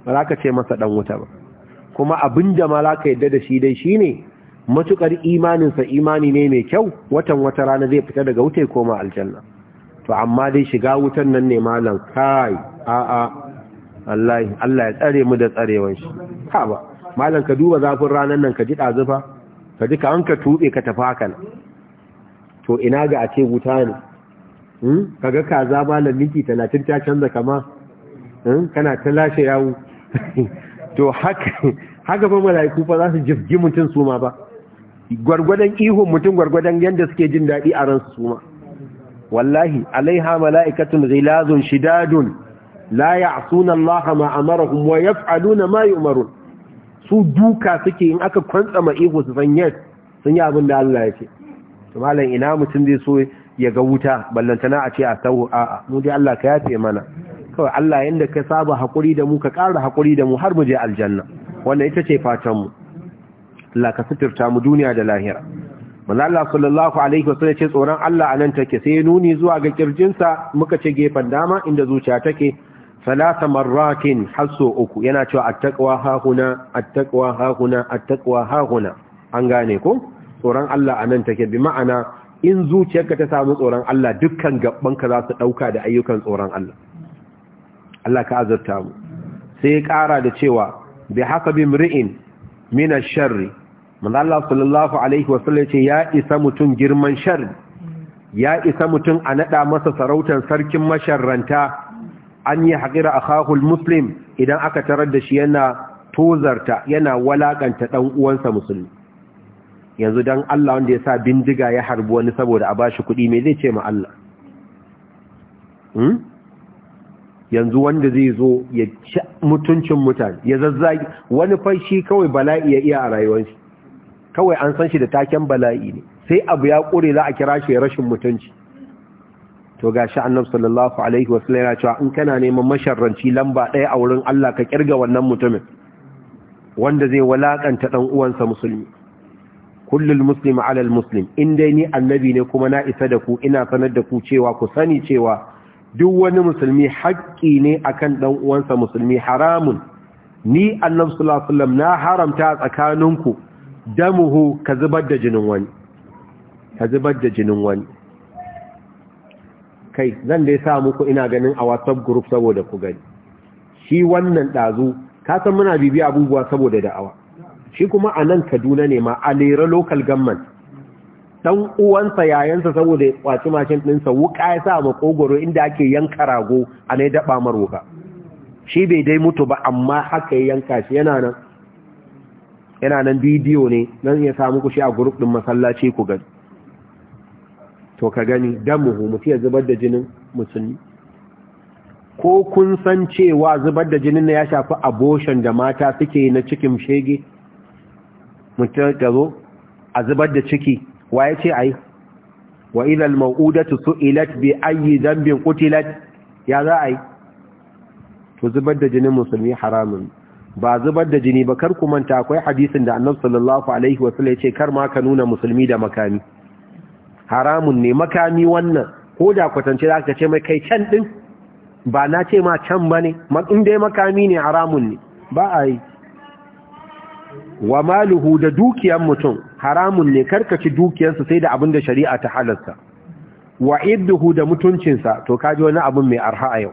[SPEAKER 1] ba za ka ce masa dan wuta ba kuma abin da ma za ka yadda da shi dai ne, matukar imaninsa imani ne mai kyau watan wata rana zai fita daga wuta ya koma aljanna to amma dai shiga wutan nan ne malam kai a'a Allah ya tsare mu da tsarewan shi ha ba malam ka duba zafin ranar nan ka ji dazufa ka ji ka an ka tube ka tafi haka to ina ga a ce wuta ne Hmm? kaga kaza malam miki talatin ta canza kama hmm? kana ta lashe yawo to haka haka ba mala'iku fa za su jibgi mutum su ma ba gwargwadon ihun mutum gwargwadon yadda suke jin daɗi a ransu su ma wallahi alaiha mala'ikatun zilazun shidadun la ya'suna Allah ma amarahum wa yaf'aluna ma yu'marun su duka suke in aka kwantsa ma ihu su san yes sun yi abin da Allah ya ce to malam ina mutum zai so ya ga wuta ballantana a ce a sau a'a mu dai Allah ka yafe mana kawai Allah yanda ka saba hakuri da mu ka ƙara hakuri da mu har mu je aljanna wannan ita ce fatan mu Allah ka suturta mu duniya da lahira manzo Allah sallallahu alaihi wasallam ce tsoron Allah anan take sai nuni zuwa ga kirjinsa muka ce gefen dama inda zuciya take salasa marrakin hasu uku yana cewa attaqwa hahuna attaqwa hahuna attaqwa hahuna an gane ko tsoron Allah anan take bi ma'ana in zuciyarka ta samu tsoron Allah dukkan ka za su ɗauka da ayyukan tsoron Allah Allah ka azurta mu sai ƙara da cewa bi hasabi mri'in min ash-sharri man Allah sallallahu alaihi sallam ce ya isa mutun girman sharri ya isa mutun a nada masa sarautar sarkin masharranta an yi haƙira akahu al-muslim idan aka tarar da shi yana tozarta yana walakanta dan uwansa musulmi yanzu don Allah wanda ya sa bindiga ya harbi wani saboda a bashi kuɗi mai zai ce ma Allah hmm? yanzu wanda zai zo ya ci mutuncin mutane ya zazzagi wani fashi kawai bala'i ya iya a rayuwarsu kawai an san shi da taken bala'i ne sai abu ya ƙure za a kira shi rashin mutunci to ga shi annabi sallallahu alaihi wasu laira cewa in kana neman masharranci lamba ɗaya a wurin Allah ka ƙirga wannan mutumin wanda zai wulaƙanta ɗan uwansa musulmi kullul muslim alal muslim in dai ni annabi ne kuma na isa da ku ina sanar da ku cewa ku sani cewa duk wani musulmi haƙƙi ne akan dan uwansa musulmi haramun ni annabi sallallahu alaihi wasallam na haramta tsakaninku damuhu ka zubar da jinin wani ka zubar da jinin wani kai zan dai sa muku ina ganin a WhatsApp group saboda ku gani shi wannan dazu ka san muna bibi abubuwa saboda da'awa shi kuma a nan kaduna ne ma a lera local government don uwansa yayansa saboda ya kwaci mashin ɗinsa wuka ya sa makogoro inda ake yanka rago a na daɓa marwuka shi bai dai mutu ba amma haka ya yanka shi yana nan yana nan bidiyo ne nan ya samu ku shi a gurup ɗin masallaci ku gani to ka gani muhu, mutu ya zubar da jinin musulmi ko kun san cewa zubar da jinin na ya shafi abortion da mata suke na cikin shege mutum ga zo a zubar da ciki wa ya ce a yi wa ilal ma'udatu su'ilat bi ayi zambin kutilat ya za a yi to zubar da jinin musulmi haramun ba zubar da jini ba kar ku manta akwai hadisin da annabi sallallahu alaihi wasallam ya ce kar ma ka nuna musulmi da makami haramun ne makami wannan ko da kwatance za ka ce mai kai can din ba na ce ma can ba ne in dai makami ne haramun ne ba a yi wa maluhu da dukiyar mutum haramun ne karkaci dukiyarsa sai da abin da shari'a ta halarta wa idduhu da mutuncinsa to kaji wani abin mai arha a yau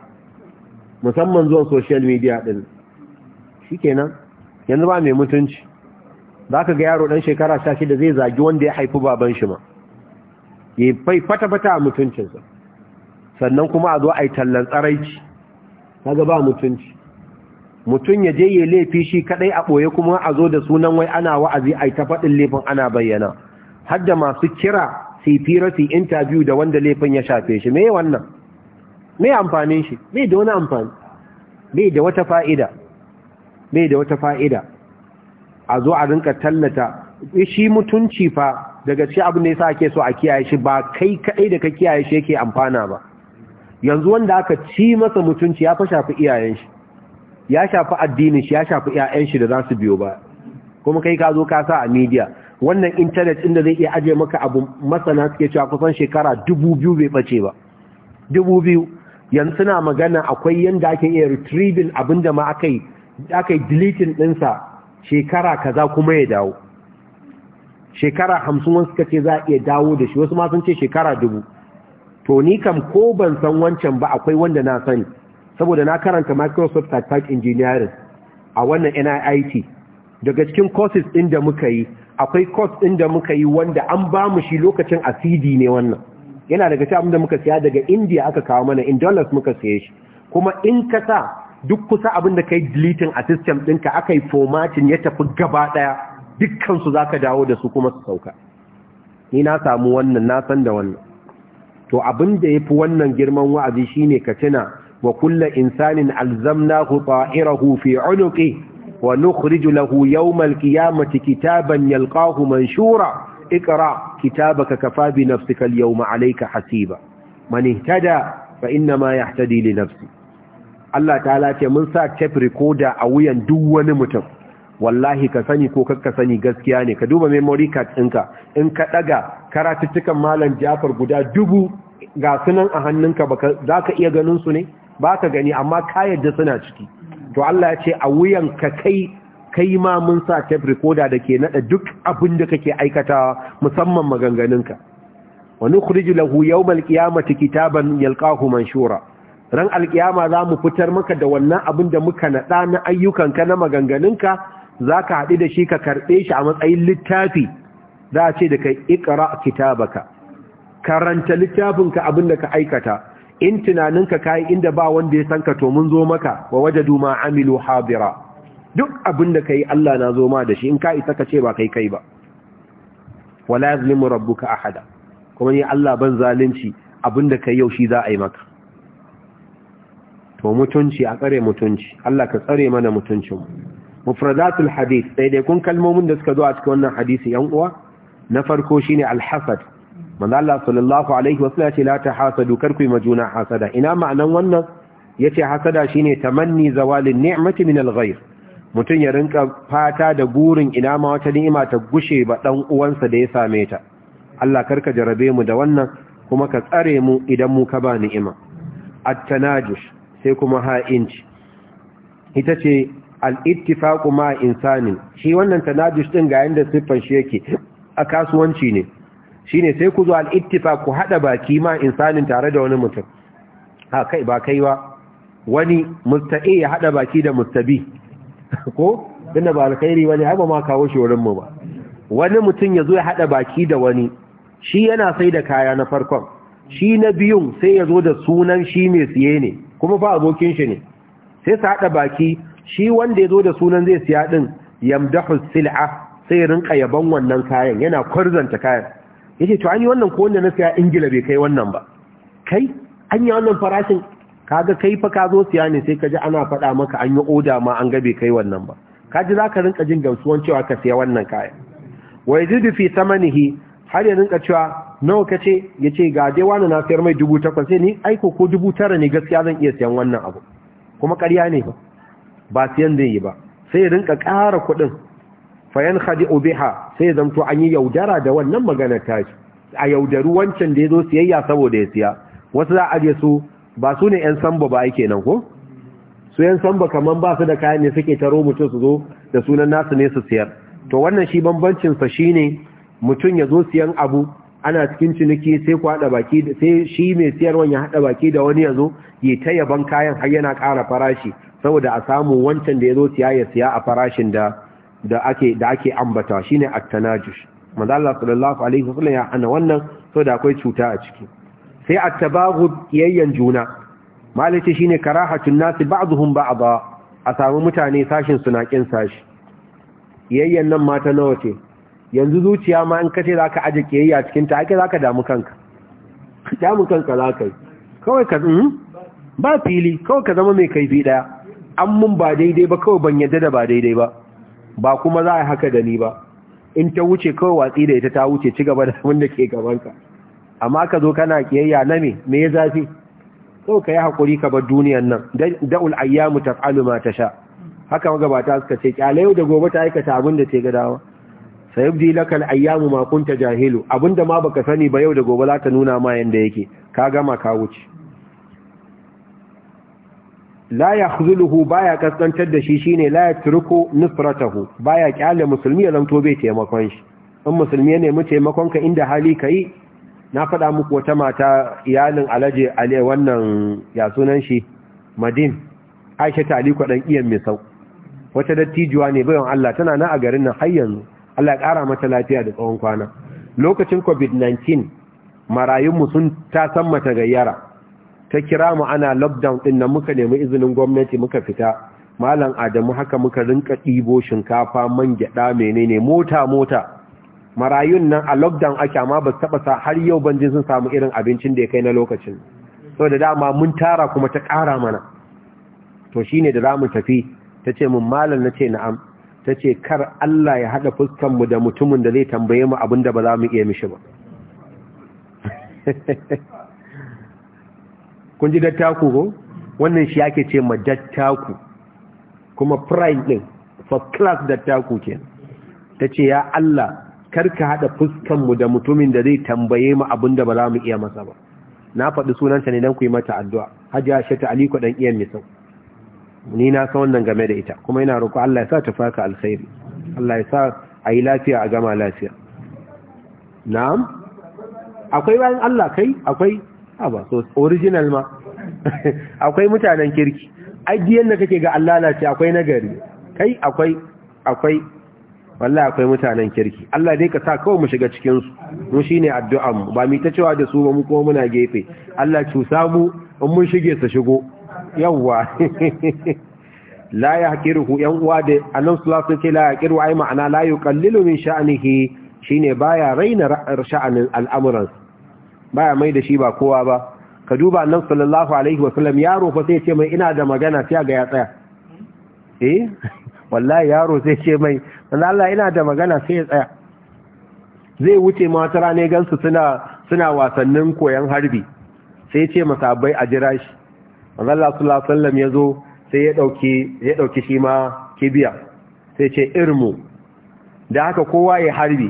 [SPEAKER 1] musamman zuwan social media din kenan yanzu ba mai mutunci za ka ga yaro ɗan shekara sha shida zai zagi wanda ya haifi baban shi ma ya fai fata-fata a mutuncinsa sannan kuma a zo a yi tallan tsaraici kaga ba mutunci mutum ya je ya laifi shi kadai a ɓoye kuma a zo da sunan wai ana wa'azi a ta faɗin laifin ana bayyana har da masu kira su fira su interview da wanda laifin ya shafe shi me wannan me amfanin shi me da wani amfani me da wata fa'ida me da wata fa'ida a zo a rinka tallata eh, shi mutunci fa daga ci abin da yasa ake so a kiyaye shi ba kai kadai da ka kiyaye shi yake amfana ba yanzu wanda aka ci masa mutunci ya fa shafi iyayen shi ya shafi addinin shi ya shafi ƴaƴan shi da za su biyo ba kuma kai ka zo ka sa a media wannan internet inda zai iya aje maka abu masana suke cewa kusan shekara dubu bai bace ba dubu yanzu suna magana akwai yanda ake iya retrieving abin da ma aka akai deleting din sa ɗinsa shekara kaza kuma ya dawo shekara hamsin wasu suka ce za a iya dawo da shi wasu ma sun ce shekara dubu to ni kam ko ban san wancan ba akwai wanda na sani saboda na karanta Microsoft Attack Engineering a wannan NIT daga cikin courses ɗin da muka yi akwai course ɗin da muka yi wanda an ba mu shi lokacin a CD ne wannan yana daga cikin da muka siya daga India aka kawo mana in dollars muka siye shi kuma in ka sa duk kusa abin da kai deleting a system ɗinka aka yi formatting ya tafi gaba ɗaya dukkan su zaka dawo da su kuma su sauka ni na samu wannan na san da wannan to abin da yafi wannan girman wa'azi shine ka tuna wa kulla insanin alzamnahu ta'irahu fi unuqi wa nukhriju lahu yawmal qiyamati kitaban yalqahu manshura اقرا كتابك كفى hasiba, اليوم عليك حسيبا من اهتدى فانما يهتدي لنفسه Allah تعالى ce mun sa tape recorder a wuyan duk wani mutum wallahi ka sani ko kakka sani gaskiya ne ka duba memory card ɗinka in ka ɗaga karatuttukan malam Jafar guda dubu ga sunan a hannunka baka zaka iya ganin su ne ba ka gani amma ka yadda suna ciki to Allah ya ce a wuyan ka kai kai ma mun sa tape recorder da ke nada duk abin da kake aikata musamman maganganunka wa nukhriju lahu yawmal qiyamati kitaban yalqahu manshura ran alkiyama za mu fitar maka da wannan abin da muka naɗa na ayyukan ka na maganganunka zaka ka haɗu da shi ka karɓe shi a matsayin littafi za a ce da kai ikra kitabaka karanta littafinka abin da ka aikata in tunaninka kayi inda ba wanda ya sanka to mun zo maka wa wajadu ma amilu hadira duk abin da kai Allah na zo ma da shi in ka isa ka ce ba kai kai ba wala yazlimu rabbuka ahada kuma ni Allah ban zalunci abin da kai yau shi za a yi maka to mutunci a tsare mutunci Allah ka tsare mana mutuncinmu mufradatul hadith sai dai kun kalmomin da suka zo a cikin wannan hadisi yan uwa na farko shine al-hasad manzo Allah sallallahu alaihi wasallam ya ce la tahasadu kar ku majuna hasada ina ma'anan wannan yace hasada shine tamanni zawalin ni'mati min al-ghayr mutun ya rinka fata da burin ina ma wata ni'ima ta gushe ba dan uwansa da ya same ta Allah karka jarabe mu da wannan kuma ka tsare mu idan mu ka ba ni'ima at-tanajush sai kuma ha'inci ita ce al-ittifaqu ma insani shi wannan tanajush din ga yanda siffan shi yake a kasuwanci ne shine sai ku zo al-ittifaq ku hada baki ma insanin tare da wani mutum ha kai ba kai ba wani musta'i ya hada baki da mustabi ko dinda ba alkhairi wani ai ma kawo shi wurin mu ba wani mutum ya zo ya haɗa baki da wani shi yana sai da kaya na farkon shi na biyun sai ya zo da sunan shi mai siye ne kuma ba abokin shi ne sai su haɗa baki shi wanda ya zo da sunan zai siya ɗin yamdahu sil'a sai rinka yaban wannan kayan yana kwarzanta kayan ce, to an yi wannan ko wanda na siya ingila bai kai wannan ba kai an yi wannan farashin kaga kai fa ka zo siya ne sai ka ji ana faɗa maka an yi oda ma an ga bai kai wannan ba ka ji za ka rinka jin gamsuwan cewa ka siya wannan kaya wai zidu fi samanihi har ya rinka cewa nawa ka ce ya ce ga dai wani na siyar mai dubu takwas sai ni aiko ko dubu tara ne gaskiya zan iya siyan wannan abu kuma karya ne ba ba siyan zai yi ba sai ya rinka ƙara kuɗin fayan khadi'u Obiha, sai zamto an yi yaudara da wannan magana tashi a yaudaru wancan da ya zo siyayya saboda ya siya wasu za a je su ba su ne yan samba ba ake nan ko su yan samba kaman ba su da kayan ne suke taro mutum su zo da sunan nasu ne su siyar to wannan shi bambancin sa shine mutum ya zo siyan abu ana cikin ciniki sai ku hada baki sai shi mai siyarwan ya haɗa baki da wani ya zo ya ta yaban kayan har yana ƙara farashi saboda a samu wancan da ya zo siya ya siya a farashin da da ake da ake ambata shine at-tanajush manzo Allah sallallahu alaihi wasallam ya ana wannan so da akwai cuta a ciki sai at-tabaghud yayyan juna malace shine karahatun nasi ba'dhum ba'dha a samu mutane sashin suna kin sashi yayyan nan mata nawa ce yanzu zuciya ma in kace zaka aje kiyayya cikin ta ake zaka damu kanka damu kanka zaka kai. ka hmm? ba fili kawai ka zama mai kaifi daya an mun ba daidai ba kawai ban yadda da ba daidai ba ba kuma za a haka da ni ba in ta wuce kawai watsi da ita ta wuce ci gaba da wanda ke gabanka amma ka zo kana kiyayya na me me ya zafi so ka yi hakuri ka bar duniyan nan da'ul ayyamu taf'alu ma tasha haka magabata suka ce kyale yau da gobe ta aikata abin da ta ga dawa sayubdi lakal ayyamu ma kunta jahilu abinda ma baka sani ba yau da gobe za ta nuna ma yanda yake ka gama ka wuce la ba baya kaskantar da shi shine la yatruku ba baya kyale musulmi ya zanto bai taimakon shi in musulmi ya nemi taimakon ka inda hali yi? na faɗa muku wata mata iyalin alaje ale wannan ya sunan shi madin aisha ta aliko dan iyan misau wata dattijuwa ne bayan Allah tana na a garin nan har yanzu Allah ya ƙara mata lafiya da tsawon kwana lokacin covid-19 marayunmu sun ta san mata gayyara ta kira mu ana lockdown din nan muka nemi izinin gwamnati muka fita malam Adamu haka muka rinka ɗibo shinkafa man gyaɗa menene mota mota marayun nan a lockdown ake amma ba taɓa sa har yau ban sun samu irin abincin da ya kai na lokacin so da dama mun tara kuma ta ƙara mana to shine da zamu tafi ta ce mun malam na ce na'am ta ce kar Allah ya haɗa fuskan mu da mutumin da zai tambaye mu abin da ba za mu iya mishi ba kun ji dattaku ko wannan shi ake ce ma dattaku kuma prime din for class dattaku ke. Ta ce ya Allah karka hada fuskan mu da mutumin da zai tambaye mu da ba za mu iya masa ba na faɗi sunanta ne dan ku yi mata addu'a a shata aliko dan iyan misau ni na san wannan game da ita kuma yana roƙo Allah ya sa ta faka alkhairi Allah ya sa a yi lafiya a gama lafiya na'am akwai bayan Allah kai akwai haba so original ma akwai mutanen kirki ajiyan da kake ga Allah lati akwai nagari kai akwai akwai wallahi akwai mutanen kirki Allah dai ka sa kawai mu shiga cikin su mu shine addu'an mu ba mu ta cewa da su ba mu kuma muna gefe Allah cusa mu in mun shige sa shigo yawwa la yahqiruhu yan uwa da annabi sallallahu alaihi wasallam la yahqiru ai ma'ana la yuqallilu min sha'nihi shine baya raina sha'anin al'amuransa baya mai da shi ba kowa ba ka duba annabi sallallahu alaihi sallam, yaro fa sai ce mai ina da magana sai ga ya tsaya eh wallahi yaro sai ce mai Allah ina da magana sai ya tsaya zai wuce mata rane gansu suna suna wasannin koyan harbi sai ce masabai a jira shi Allah sallallahu alaihi ya yazo sai ya dauki ya dauki shi ma kibiya sai ce irmu da haka kowa ya harbi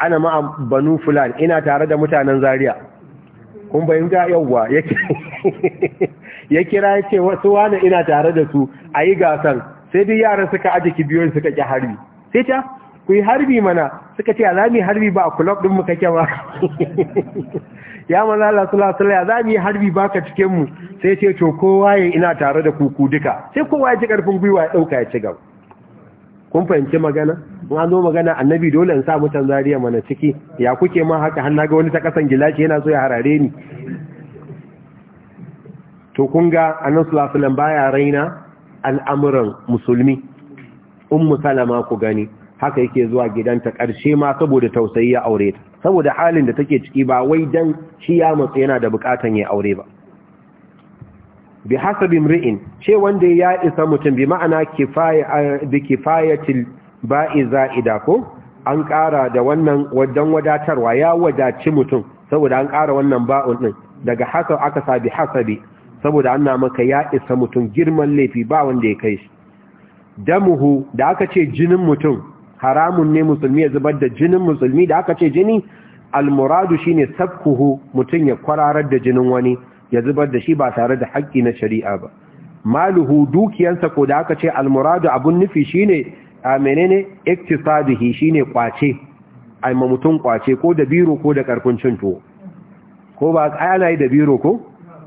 [SPEAKER 1] ana ma banu fulan ina tare da mutanen zaria kun ga yawwa ya kira ya ce wasu wani ina tare da su a yi gasan sai dai yara suka aji kibiyoyin suka ƙi harbi sai ta ku yi harbi mana suka ce za mu harbi ba a kulob ɗin muka kyawa ya mana Allah sallallahu alaihi za harbi ba ka cikin mu sai ce to kowa ya ina tare da kuku duka sai kowa ya ji karfin gwiwa ya ɗauka ya ci gaba kun fahimci magana in zo magana annabi dole in sa mutan zariya mana ciki ya kuke ma haka har naga wani ta kasan gilashi yana so ya harare ni to kun ga annabi baya raina al'amuran musulmi ummu salama ku gani haka yake zuwa gidanta ƙarshe ma saboda tausayi ya aure ta saboda halin da take ciki ba wai dan shi ya matsu yana da bukatan ya aure ba bi hasabi mri'in ce wanda ya isa mutum bi ma'ana kifaya bi kifayatil ba'i za'ida ko an ƙara da wannan wadan wadatarwa ya wadaci mutum saboda an ƙara wannan ba'un ɗin daga haka aka sabi hasabi saboda an maka ya isa mutum girman laifi ba wanda ya kai shi damuhu da aka ce jinin mutum haramun ne musulmi ya zubar da jinin musulmi da aka ce jini almuradu shine sabkuhu mutum ya kwararar da jinin wani ya zubar da shi ba tare da haƙƙi na shari'a ba maluhu dukiyansa ko da aka ce almuradu abun nufi shine a menene iktisabihi shine kwace ai ma mutum kwace ko da biro ko da karfin cin ko ba ai ana yi da biro ko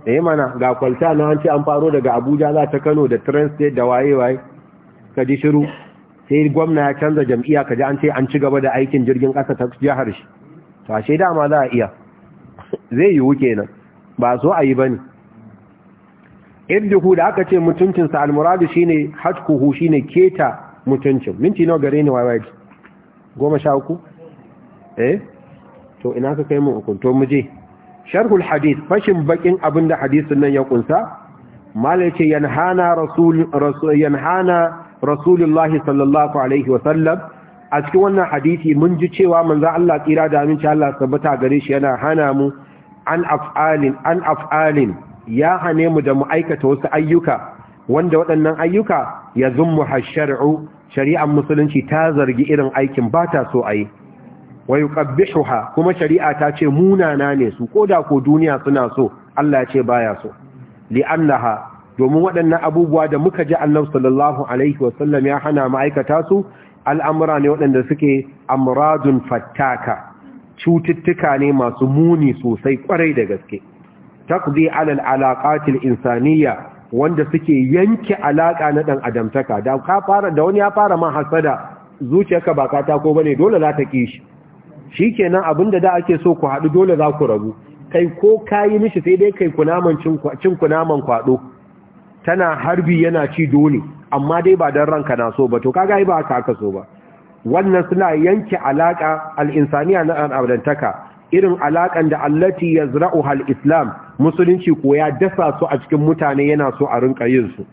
[SPEAKER 1] eh mana ga kwalta na an ce an faro daga Abuja za ta Kano da train state da waye waye ka ji shiru sai gwamna ya canza jam'iyya kaji an ce an ci gaba da aikin jirgin kasa ta jihar shi to ashe dama za a iya zai yi wuke nan, ba so a yi bane irjihu da aka ce sa al almuradu shine hatkuhu shine keta mutuncin minti nawa gare ni wayewa goma sha uku eh to ina ka kai mu hukunto mu je sharhul hadith fashin bakin abinda hadisin nan ya kunsa malace yanhana rasul yanhana rasulullahi sallallahu alaihi wasallam a cikin wannan hadisi mun ji cewa manzo Allah tsira da aminci Allah tabbata gare shi yana hana mu an af'alin an af'alin ya hane mu da mu aikata wasu ayyuka wanda waɗannan ayyuka ya zummu hashar'u shari'ar musulunci ta zargi irin aikin ba ta so a yi wai qabbishuha kuma shari'a ta ce munana ne su ko da ko duniya suna so Allah ya ce baya so li'annaha domin waɗannan abubuwa da muka ji Annabi sallallahu alaihi wasallam ya hana ma'aikata su al'amura ne waɗanda suke amuradun fattaka cututtuka ne masu muni sosai kwarai da gaske Takzi alal alaƙatil insaniyya wanda suke yanke alaƙa na dan adamtaka da ka fara da wani ya fara ma hasada zuciyarka ba katako bane dole za ta ki shi shikenan abinda da ake so ku haɗu dole za ku rabu kai ko kayi mishi sai dai kai kunaman cin kunaman kwado tana harbi yana ci dole amma dai ba dan ranka na so ba to kaga ai ba haka aka so ba wannan suna yanke alaƙa al-insaniya na adamtaka. irin alakan da allati yazra'uha al-islam musulunci ko ya dasa su a cikin mutane yana so a rinka yin su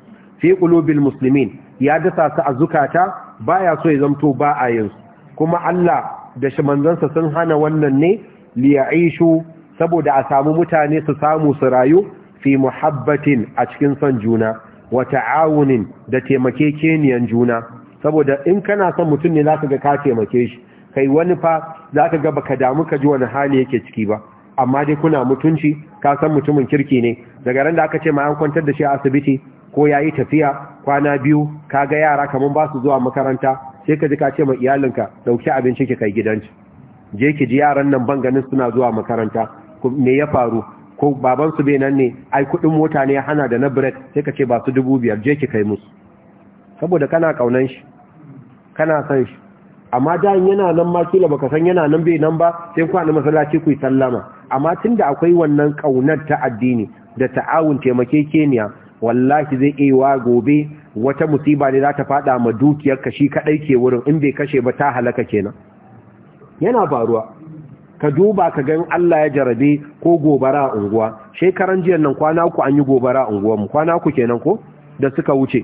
[SPEAKER 1] fi qulubil muslimin ya dasa su a zukata baya so ya zamto ba a yin su kuma Allah da shi manzansa sun hana wannan ne li ya'ishu saboda a samu mutane su samu su rayu fi muhabbatin a cikin son juna wa ta'awunin da taimakekeniyan juna saboda in kana son mutum ne zaka ga ka taimake shi kai wani fa zaka ga baka damu ka ji wani hali yake ciki ba amma dai kuna mutunci ka san mutumin kirki ne daga ran da aka ce ma an kwantar da shi a asibiti ko yayi tafiya kwana biyu kaga yara kaman ba su zuwa makaranta sai ka ji ka ce ma iyalinka dauki abinci ki kai gidanci je ki ji yaran nan banganin suna zuwa makaranta me ya faru ko baban su bai nan ne ai kudin mota ne hana da na break sai ka ce ba su dubu biyar je ki kai musu saboda kana kaunan shi kana san shi amma da yana nan ma kila baka san yana nan bai nan ba sai ku ana masallaci ku yi sallama amma tunda akwai wannan kaunar ta addini da ta'awun taimakekeniya wallahi zai yi wa gobe wata musiba ne za ta fada ma dukiyar ka shi kadai ke wurin in bai kashe ba ta halaka kenan yana faruwa ka duba ka gan Allah ya jarabe ko gobara a unguwa shekaran jiyan nan kwana ku an yi gobara a unguwar mu kwana ku kenan ko da suka wuce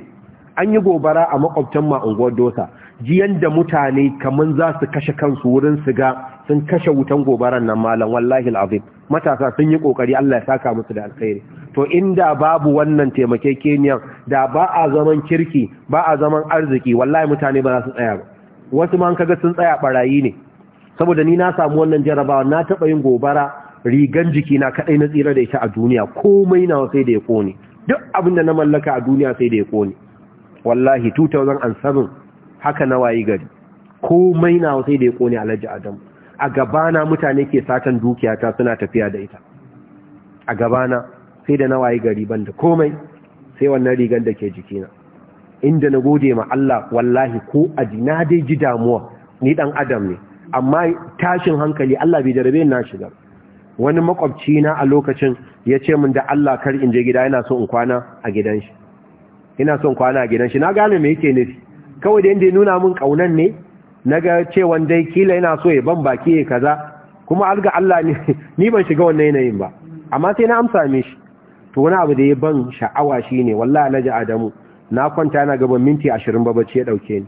[SPEAKER 1] an yi gobara a makwabtan ma unguwar dosa jiyan da mutane kamar za su kashe kansu wurin siga sun kashe wutan gobaran nan malam wallahi alazim matasa sun yi kokari Allah ya saka musu da alkhairi to inda babu wannan Keniyan, da ba a zaman kirki ba a zaman arziki wallahi mutane ba za su tsaya ba wasu ma kaga sun tsaya barayi ne saboda ni na samu wannan jarabawa na taba yin gobara rigan jiki na kadai na tsira da ita a duniya komai na sai da ya kone duk abin da na mallaka a duniya sai da ya kone wallahi 2007 haka na wayi gari komai na sai da ya kone alhaji adam a gabana mutane ke satan dukiyata suna tafiya da ita a gabana sai da na wayi gari banda komai sai wannan rigar da ke jikina inda na gode ma Allah wallahi ko a na dai ji damuwa ni dan adam ne amma tashin hankali Allah bai jarabe na shiga wani makwabci na a lokacin ya ce min da Allah kar in je gida yana so in kwana a gidan shi ina son kwana a gidan shi na gane me yake nufi kawai da yadda ya nuna min kaunan ne na ga cewa ya kila yana so ya ban baki ya kaza kuma alga Allah ne ni ban shiga wannan yanayin ba amma sai na amsa mishi to wani abu da ya ban sha'awa shi shine na ji Adamu na kwanta na gaban minti ashirin ba bacci ya ɗauke ni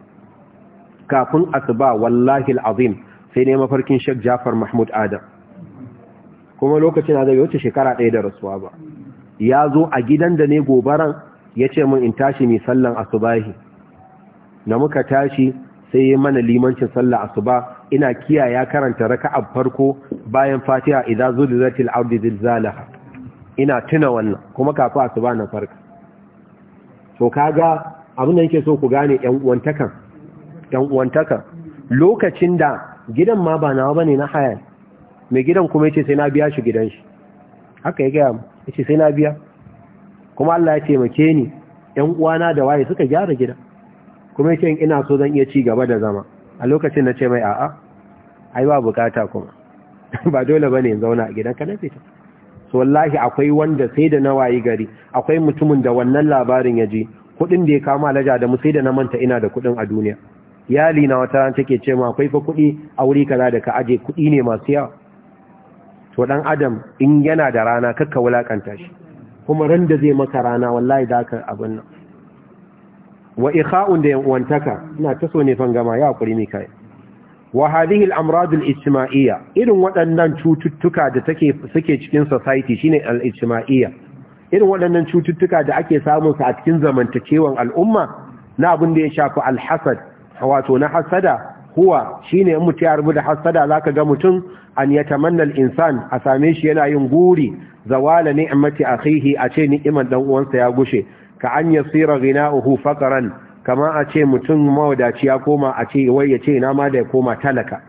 [SPEAKER 1] kafin asuba wallahi alazim sai ne mafarkin shek Jafar Mahmud Adam kuma lokacin da bai wuce shekara ɗaya da rasuwa ba ya zo a gidan da ne gobaran ya ce min in tashi mai sallan asubahi Na muka tashi sai yi mana limancin sallah asuba ina kiyaye karanta raka a farko bayan fatiha idza zulzilatil ardi zilzalaha ina tuna wannan kuma kafin asuba na farka to kaga abin da yake so ku gane yan lokacin da gidan ma ba nawa bane na haya mai gidan kuma yace sai na biya shi gidan shi haka ya gaya yace sai na biya kuma Allah ya taimake ni yan uwana da waye suka gyara gidan kuma yake in ina so zan iya ci gaba da zama a lokacin na ce mai a'a ai ba bukata kuma ba dole bane in zauna a gidan ka na fita so wallahi akwai wanda sai da na nawayi gari akwai mutumin da wannan labarin ya ji kuɗin da ya kama laja da mu sai da na manta ina da kudin a duniya iyali na wata ran take ce ma akwai fa kuɗi a wuri kaza da ka aje kuɗi ne masu yawa to dan adam in yana da rana kakka wulakanta shi kuma ran da zai maka rana wallahi da ka abin nan wa ikha'un da 'yan ina ta so ne fangama ya kuri ne kai wa hadhihi al-amrad al-ijtima'iyya irin waɗannan cututtuka da take suke cikin society shine al-ijtima'iyya irin waɗannan cututtuka da ake samu su a cikin zamantakewan al'umma na abin da ya shafi al-hasad wato na hasada huwa shine in mutu ya da hasada zaka ga mutum an yatamanna al-insan a same shi yana yin guri zawala ni'mati akhihi a ce ni'imar dan uwansa ya gushe ka an yasira ghina'uhu fakaran kama a ce mutum mawadaci ya koma a ce wai ya ce na ma da ya koma talaka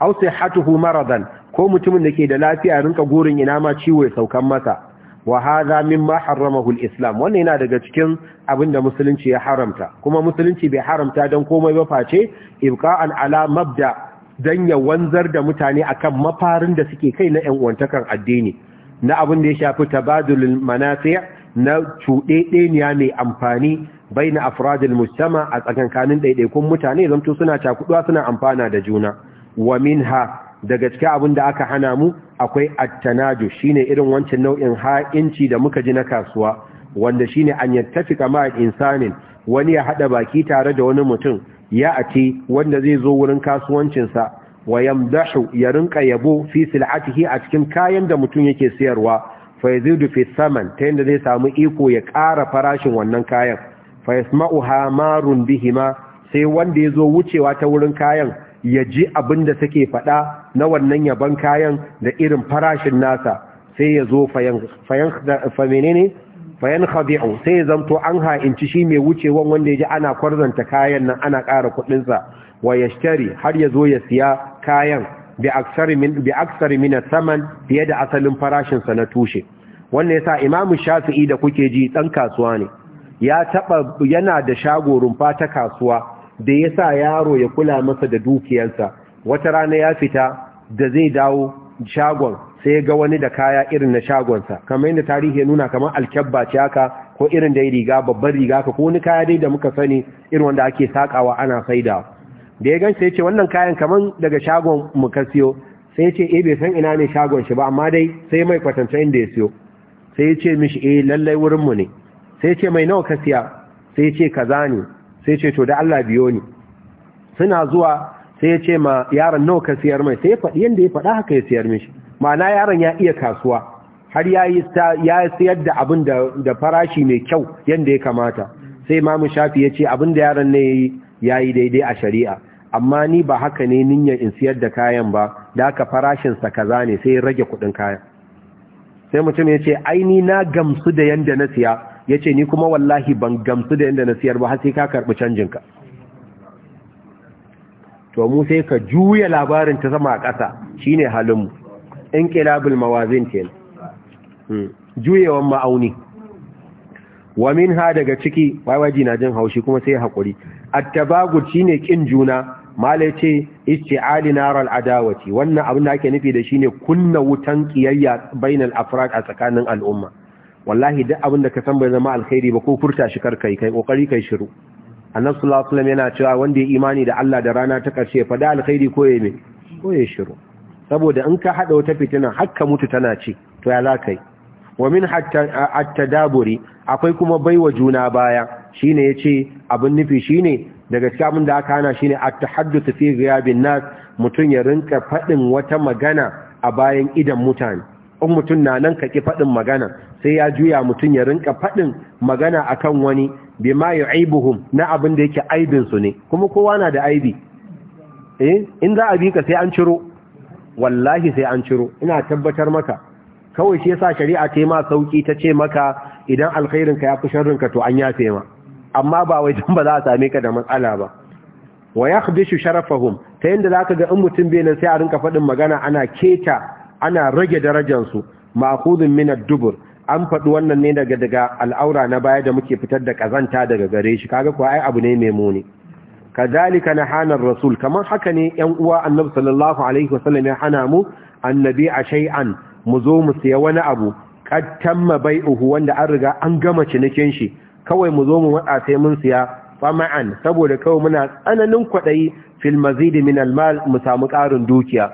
[SPEAKER 1] aw mara maradan ko mutumin da ke da lafiya rinka gurin ina ma ciwo ya saukan masa wa hadha ma harama hul islam wannan yana daga cikin abin da musulunci ya haramta kuma musulunci bai haramta dan komai ba face ibqa'an ala mabda dan ya wanzar da mutane akan mafarin da suke kai na ƴan uwantakan addini na abin da ya shafi tabadulul manafi' na cuɗeɗeniya mai amfani bai na afradil mustama a tsakankanin ɗaiɗaikun mutane zamto suna cakuɗuwa suna amfana da juna wa Ha, daga cikin abin da aka hana mu akwai attanaju shine irin wancan nau'in ha'inci da muka ji na kasuwa wanda shine an kama ma insanin wani ya haɗa baki tare da wani mutum ya ati wanda zai zo wurin kasuwancinsa wa yamdahu ya rinka yabo fi sil'atihi a cikin kayan da mutum yake sayarwa fa yazidu fi saman ta yadda zai samu iko ya ƙara farashin wannan kayan fa yasma'uha marun bihima sai wanda ya zo wucewa ta wurin kayan ya ji abin da suke faɗa na wannan yaban kayan da irin farashin nasa sai ya zo fayan khadi'u sai ya zamto an ha'inci shi mai wucewan wanda ya ji ana kwarzanta kayan nan ana ƙara kuɗinsa wa ya har ya zo ya siya kayan bi aksar min saman fiye da asalin farashin sa na tushe wannan yasa imamu shafi'i da kuke ji ɗan kasuwa ne ya taba yana da shago rumfa ta kasuwa da yasa yaro ya kula masa da dukiyarsa wata rana ya fita da zai dawo shagon sai ya ga wani da kaya irin na shagonsa kamar yadda tarihi ya nuna kamar alkyabba ce haka ko irin da riga babban riga ka ko wani kaya dai da muka sani irin wanda ake sakawa ana saidawa da ya gansa ya ce wannan kayan kaman daga shagon mu ka siyo sai ya ce eh bai san ina ne shagon shi ba amma dai sai mai kwatanta inda ya siyo sai ya ce mishi eh lallai wurin mu ne sai ya ce mai nawa ka siya sai ya ce kaza ne sai ya ce to da Allah biyo ni suna zuwa sai ya ce ma yaron nawa ka siyar mai sai ya faɗi yanda ya faɗa haka ya siyar mishi ma'ana yaron ya iya kasuwa har ya siyar da abin da farashi mai kyau yanda ya kamata sai mamu shafi ya ce abin da yaron ne ya yi daidai a shari'a amma ni ba haka ne niyyar in siyar da kayan ba da aka farashinsa kaza ne sai ya rage kuɗin kaya. sai mutum ya ce ai ni na gamsu da yanda na siya ya ce ni kuma wallahi ban gamsu da yanda na siyar ba har sai ka karɓi canjinka to mu sai ka juya labarin ta sama a ƙasa shine halinmu inqilabul mawazin kenan hmm. juyewan ma'auni wa ha daga ciki wai na jin haushi kuma sai hakuri at shine kin juna mala ce isti'ali naral adawati wannan abin da ake nufi da shine kunna wutan kiyayya bainal afraq a tsakanin al'umma wallahi duk abin da ka san bai zama alkhairi ba ko furta shi karkai kai kokari kai shiru annabi sallallahu alaihi yana cewa wanda ya imani da Allah da rana ta karshe fa da alkhairi ko yayi ko yayi shiru saboda in ka hada wata fitina hakka mutu tana ci, to ya zakai wa min hatta at-tadaburi akwai kuma baiwa juna baya shine ce abin nufi shine daga cikin abin da aka hana shine at-tahadduth fi ghiyabin nas mutum ya rinka fadin wata magana a bayan idan mutane in mutum na nan kaki fadin magana sai ya juya mutum ya rinka fadin magana akan wani bima yu'ibuhum na abin da yake aibin su ne kuma kowa na da aibi eh in za a bi ka sai an ciro wallahi sai an ciro ina tabbatar maka kawai shi yasa shari'a ta yi ma sauki ta ce maka idan ka ya fi sharrinka to an yafe ma amma ba wai ba za a same ka da matsala ba wa yakhdishu sharafahum ta yanda zaka ga in mutum bai nan sai a rinka fadin magana ana keta ana rage darajar su ma'khudun min ad-dubur an faɗi wannan ne daga daga al'aura na baya da muke fitar da kazanta daga gare shi kaga kuwa ai abu ne mai muni kazalika na ar rasul kamar haka ne yan uwa annabi sallallahu alaihi wasallam ya hana mu annabi a shay'an mu zo mu siya wani abu qad tamma bai'uhu wanda an riga an gama cinikin shi kawai mu zo mu wada sai mun siya fama'an saboda kawai muna tsananin kwaɗayi fil mazid min almal mu samu ƙarin dukiya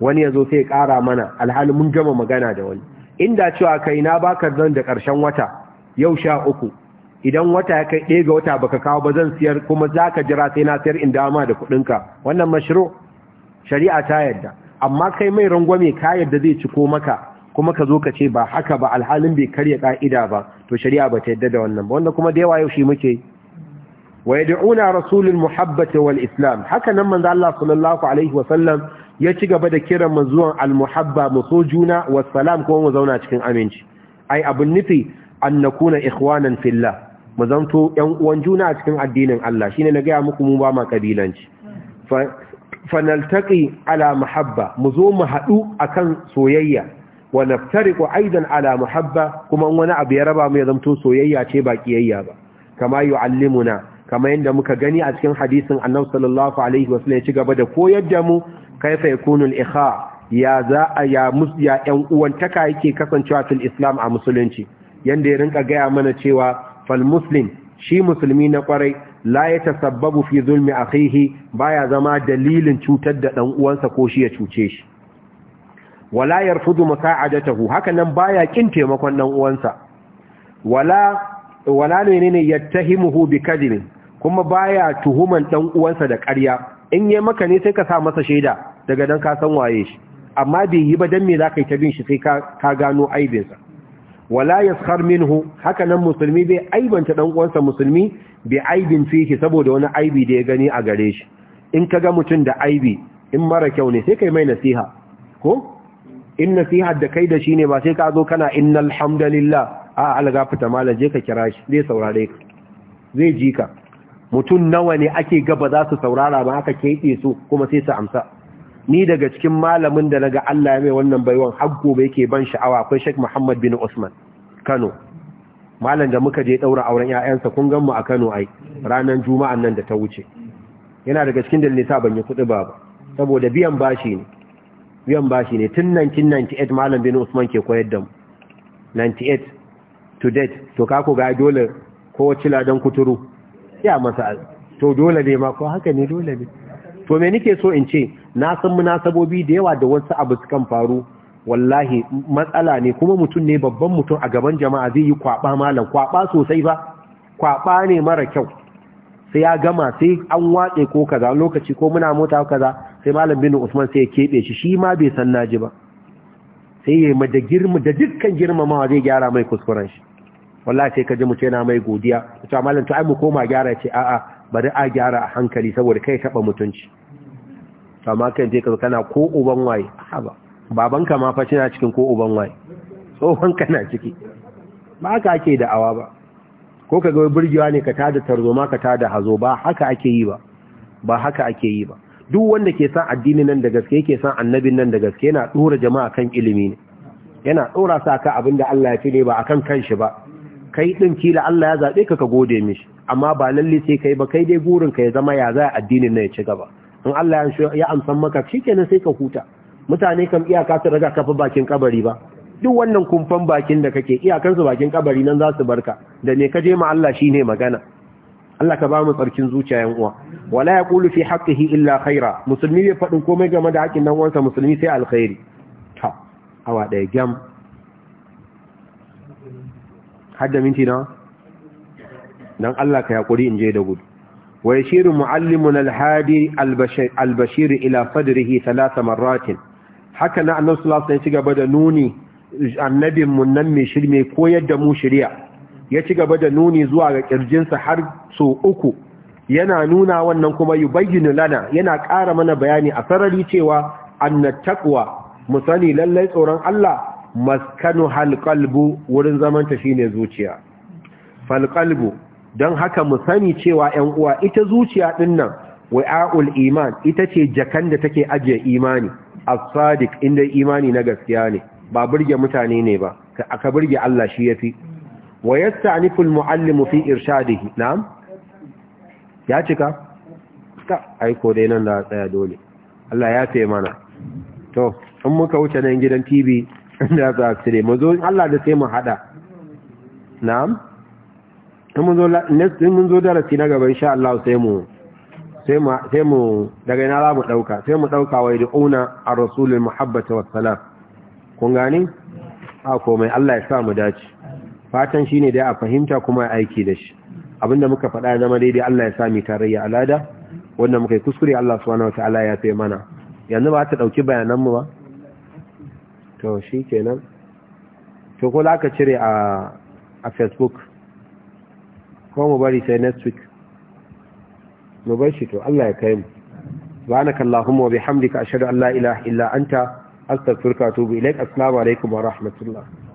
[SPEAKER 1] wani yazo zo sai kara mana alhali mun gama magana da wani inda cewa kai na baka zan da karshen wata yau sha uku idan wata ya kai ɗaya ga wata baka kawo ba zan siyar kuma zaka jira sai na siyar in dama da ka wannan mashiro shari'a ta yadda amma kai mai rangwame ka yadda zai ciko maka kuma ka zo ka ce ba haka ba alhalin bai karya ka'ida ba to shari'a ba ta yadda da wannan ba wanda kuma da yawa yaushe muke wa yad'una rasulul muhabbati wal islam haka nan manzo Allah sallallahu alaihi wa sallam ya ci gaba da kiran mu zuwan al muhabba mu so juna wa salam kuma mu zauna cikin aminci ai abun nufi an nakuna ikhwanan fillah mu zanto yan uwan juna a cikin addinin Allah shine na ga muku mu ba ma kabilanci fa fanaltaqi ala muhabba mu zo mu hadu akan soyayya wa naftariqu aidan ala muhabba kuma wani abu ya raba mu ya zamto soyayya ce ba kiyayya ba kama yu'allimuna kama yanda muka gani a cikin hadisin Annabi sallallahu alaihi wasallam ya ci gaba da koyar da mu kaifa yakunu al-ikha ya za ya mus ya ɗan uwantaka yake kasancewa fil Islam a musulunci yanda ya rinka gaya mana cewa fal muslim shi musulmi na kwarai la ya tasabbabu fi zulmi akhihi baya zama dalilin cutar da ɗan uwansa ko shi ya cuce shi wala yarfudu musa'adatahu haka nan baya kin taimakon dan uwansa wala wala menene yattahimuhu bikadhib kuma baya tuhuman dan uwansa da ƙarya in yayi maka ne sai ka sa masa shaida daga dan ka san waye shi amma bai yi ba dan me zaka yi ta bin shi sai ka ka gano aibinsa wala yaskhar minhu haka nan musulmi bai aibanta dan uwansa musulmi bi aibin fihi saboda wani aibi da ya gani a gare shi in kaga mutun da aibi in mara kyau ne sai kai mai nasiha ko in nasiha da kai da shi ne ba sai ka zo kana innal hamdalillah a algafata mala je ka kira shi zai saurare ka zai ji ka mutum nawa ne ake gaba za su saurara ba aka keɓe su kuma sai su amsa ni daga cikin malamin da naga Allah ya mai wannan baiwan har gobe yake ban sha'awa akwai Sheikh Muhammad bin Usman Kano malam da muka je daura auren ƴaƴansa kun gan mu a Kano ai ranar juma'an nan da ta wuce yana daga cikin dalilin sa ban yi kuɗi ba saboda biyan bashi ne biyan bashi ne tun 1998 malam bin usman ke koyar da mu 98 to date to kako ga dole ko cila kuturu ya masa to dole ne ma ko haka ne dole ne to me nake so in ce na san munasabobi da yawa da wasu abu kan faru wallahi matsala ne kuma mutum ne babban mutum a gaban jama'a zai yi kwaba malam kwaba sosai ba kwaba ne mara kyau sai ya gama sai an watse ko kaza lokaci ko muna mota kaza sai malam bin usman sai ya keɓe shi shi ma bai san naji ba sai ya ma da girma da dukkan girmamawa zai gyara mai kuskuren shi wallahi sai ka ji mutum yana mai godiya to ah, malam to ai mu koma gyara ce a'a bari a gyara a hankali saboda kai taba mutunci to amma kan je ka kana ko uban waye haba ka ma fa cikin ko uban waye tsohon kana ciki ba ka ake awa ba ko ka ga burgewa ne ka tada tarzoma ka tada hazo ba haka ake yi ba ba haka ake yi ba duk wanda ke san addini nan da gaske yake san annabin nan da gaske yana dora jama'a kan ilimi ne yana dora sa ka da Allah ya fi ne ba akan kanshi ba kai din kila Allah ya zabe ka ka gode mishi amma ba lalle sai kai ba kai dai gurin ka ya zama ya za addinin nan ya ci gaba in Allah ya amsan maka shikenan sai ka huta mutane kam iyaka su raga kafa bakin kabari ba duk wannan kumfan bakin da kake iyakansu bakin kabari nan za su barka da me ka je ma Allah shine magana Allah ka ba mu tsarkin zuciya yan uwa wala yaqulu fi haqqihi illa khaira musulmi bai faɗin komai game da haƙin nan wansa musulmi sai alkhairi ta awa daya gam hadda minti na dan Allah ka yakuri in je da gudu wa yashiru muallimun al albashir al ila sadrihi thalath marratin haka na annabi sallallahu alaihi wasallam ya ci gaba da nuni annabinmu nan mai shirme koyar da mu shirya ya ci gaba da nuni zuwa ga ƙirjinsa har so uku yana nuna wannan kuma yi bayyana lana yana ƙara mana bayani a sarari cewa annat taqwa mu sani lallai tsoron Allah maskanu halqalbu wurin zaman ta shine zuciya falqalbu don haka mu sani cewa 'yan uwa ita zuciya din nan wa'ul iman ita ce jakan da take ajiye imani as-sadiq inda imani na gaskiya ne ba burge mutane ne ba aka burge Allah shi yafi wa yasta'niful muallimu fi irshadihi na'am ya cika ka aiko dai nan da tsaya dole Allah ya sai mana to in muka wuce nan gidan TV da za a tsire mu zo Allah da sai mu hada na'am in mun zo next mun zo darasi na gaba insha Allah sai mu sai mu daga ina za mu dauka sai mu dauka wa yad'una ar rasulil muhabbati was salam kun gani a komai Allah ya sa mu dace fatan shine dai a fahimta kuma aiki da shi abinda muka faɗa zama daidai Allah ya sa mu tarayya alada wanda muka yi kuskure Allah subhanahu wataala ya fe mana yanzu ba ta dauki bayanan mu ba to shikenan to ko za ka cire a a Facebook ko mu bari sai next week mu bar shi to Allah ya kai mu subhanakallahumma wa bihamdika ashhadu an la ilaha illa anta astaghfiruka wa atubu ilaik assalamu alaikum wa rahmatullah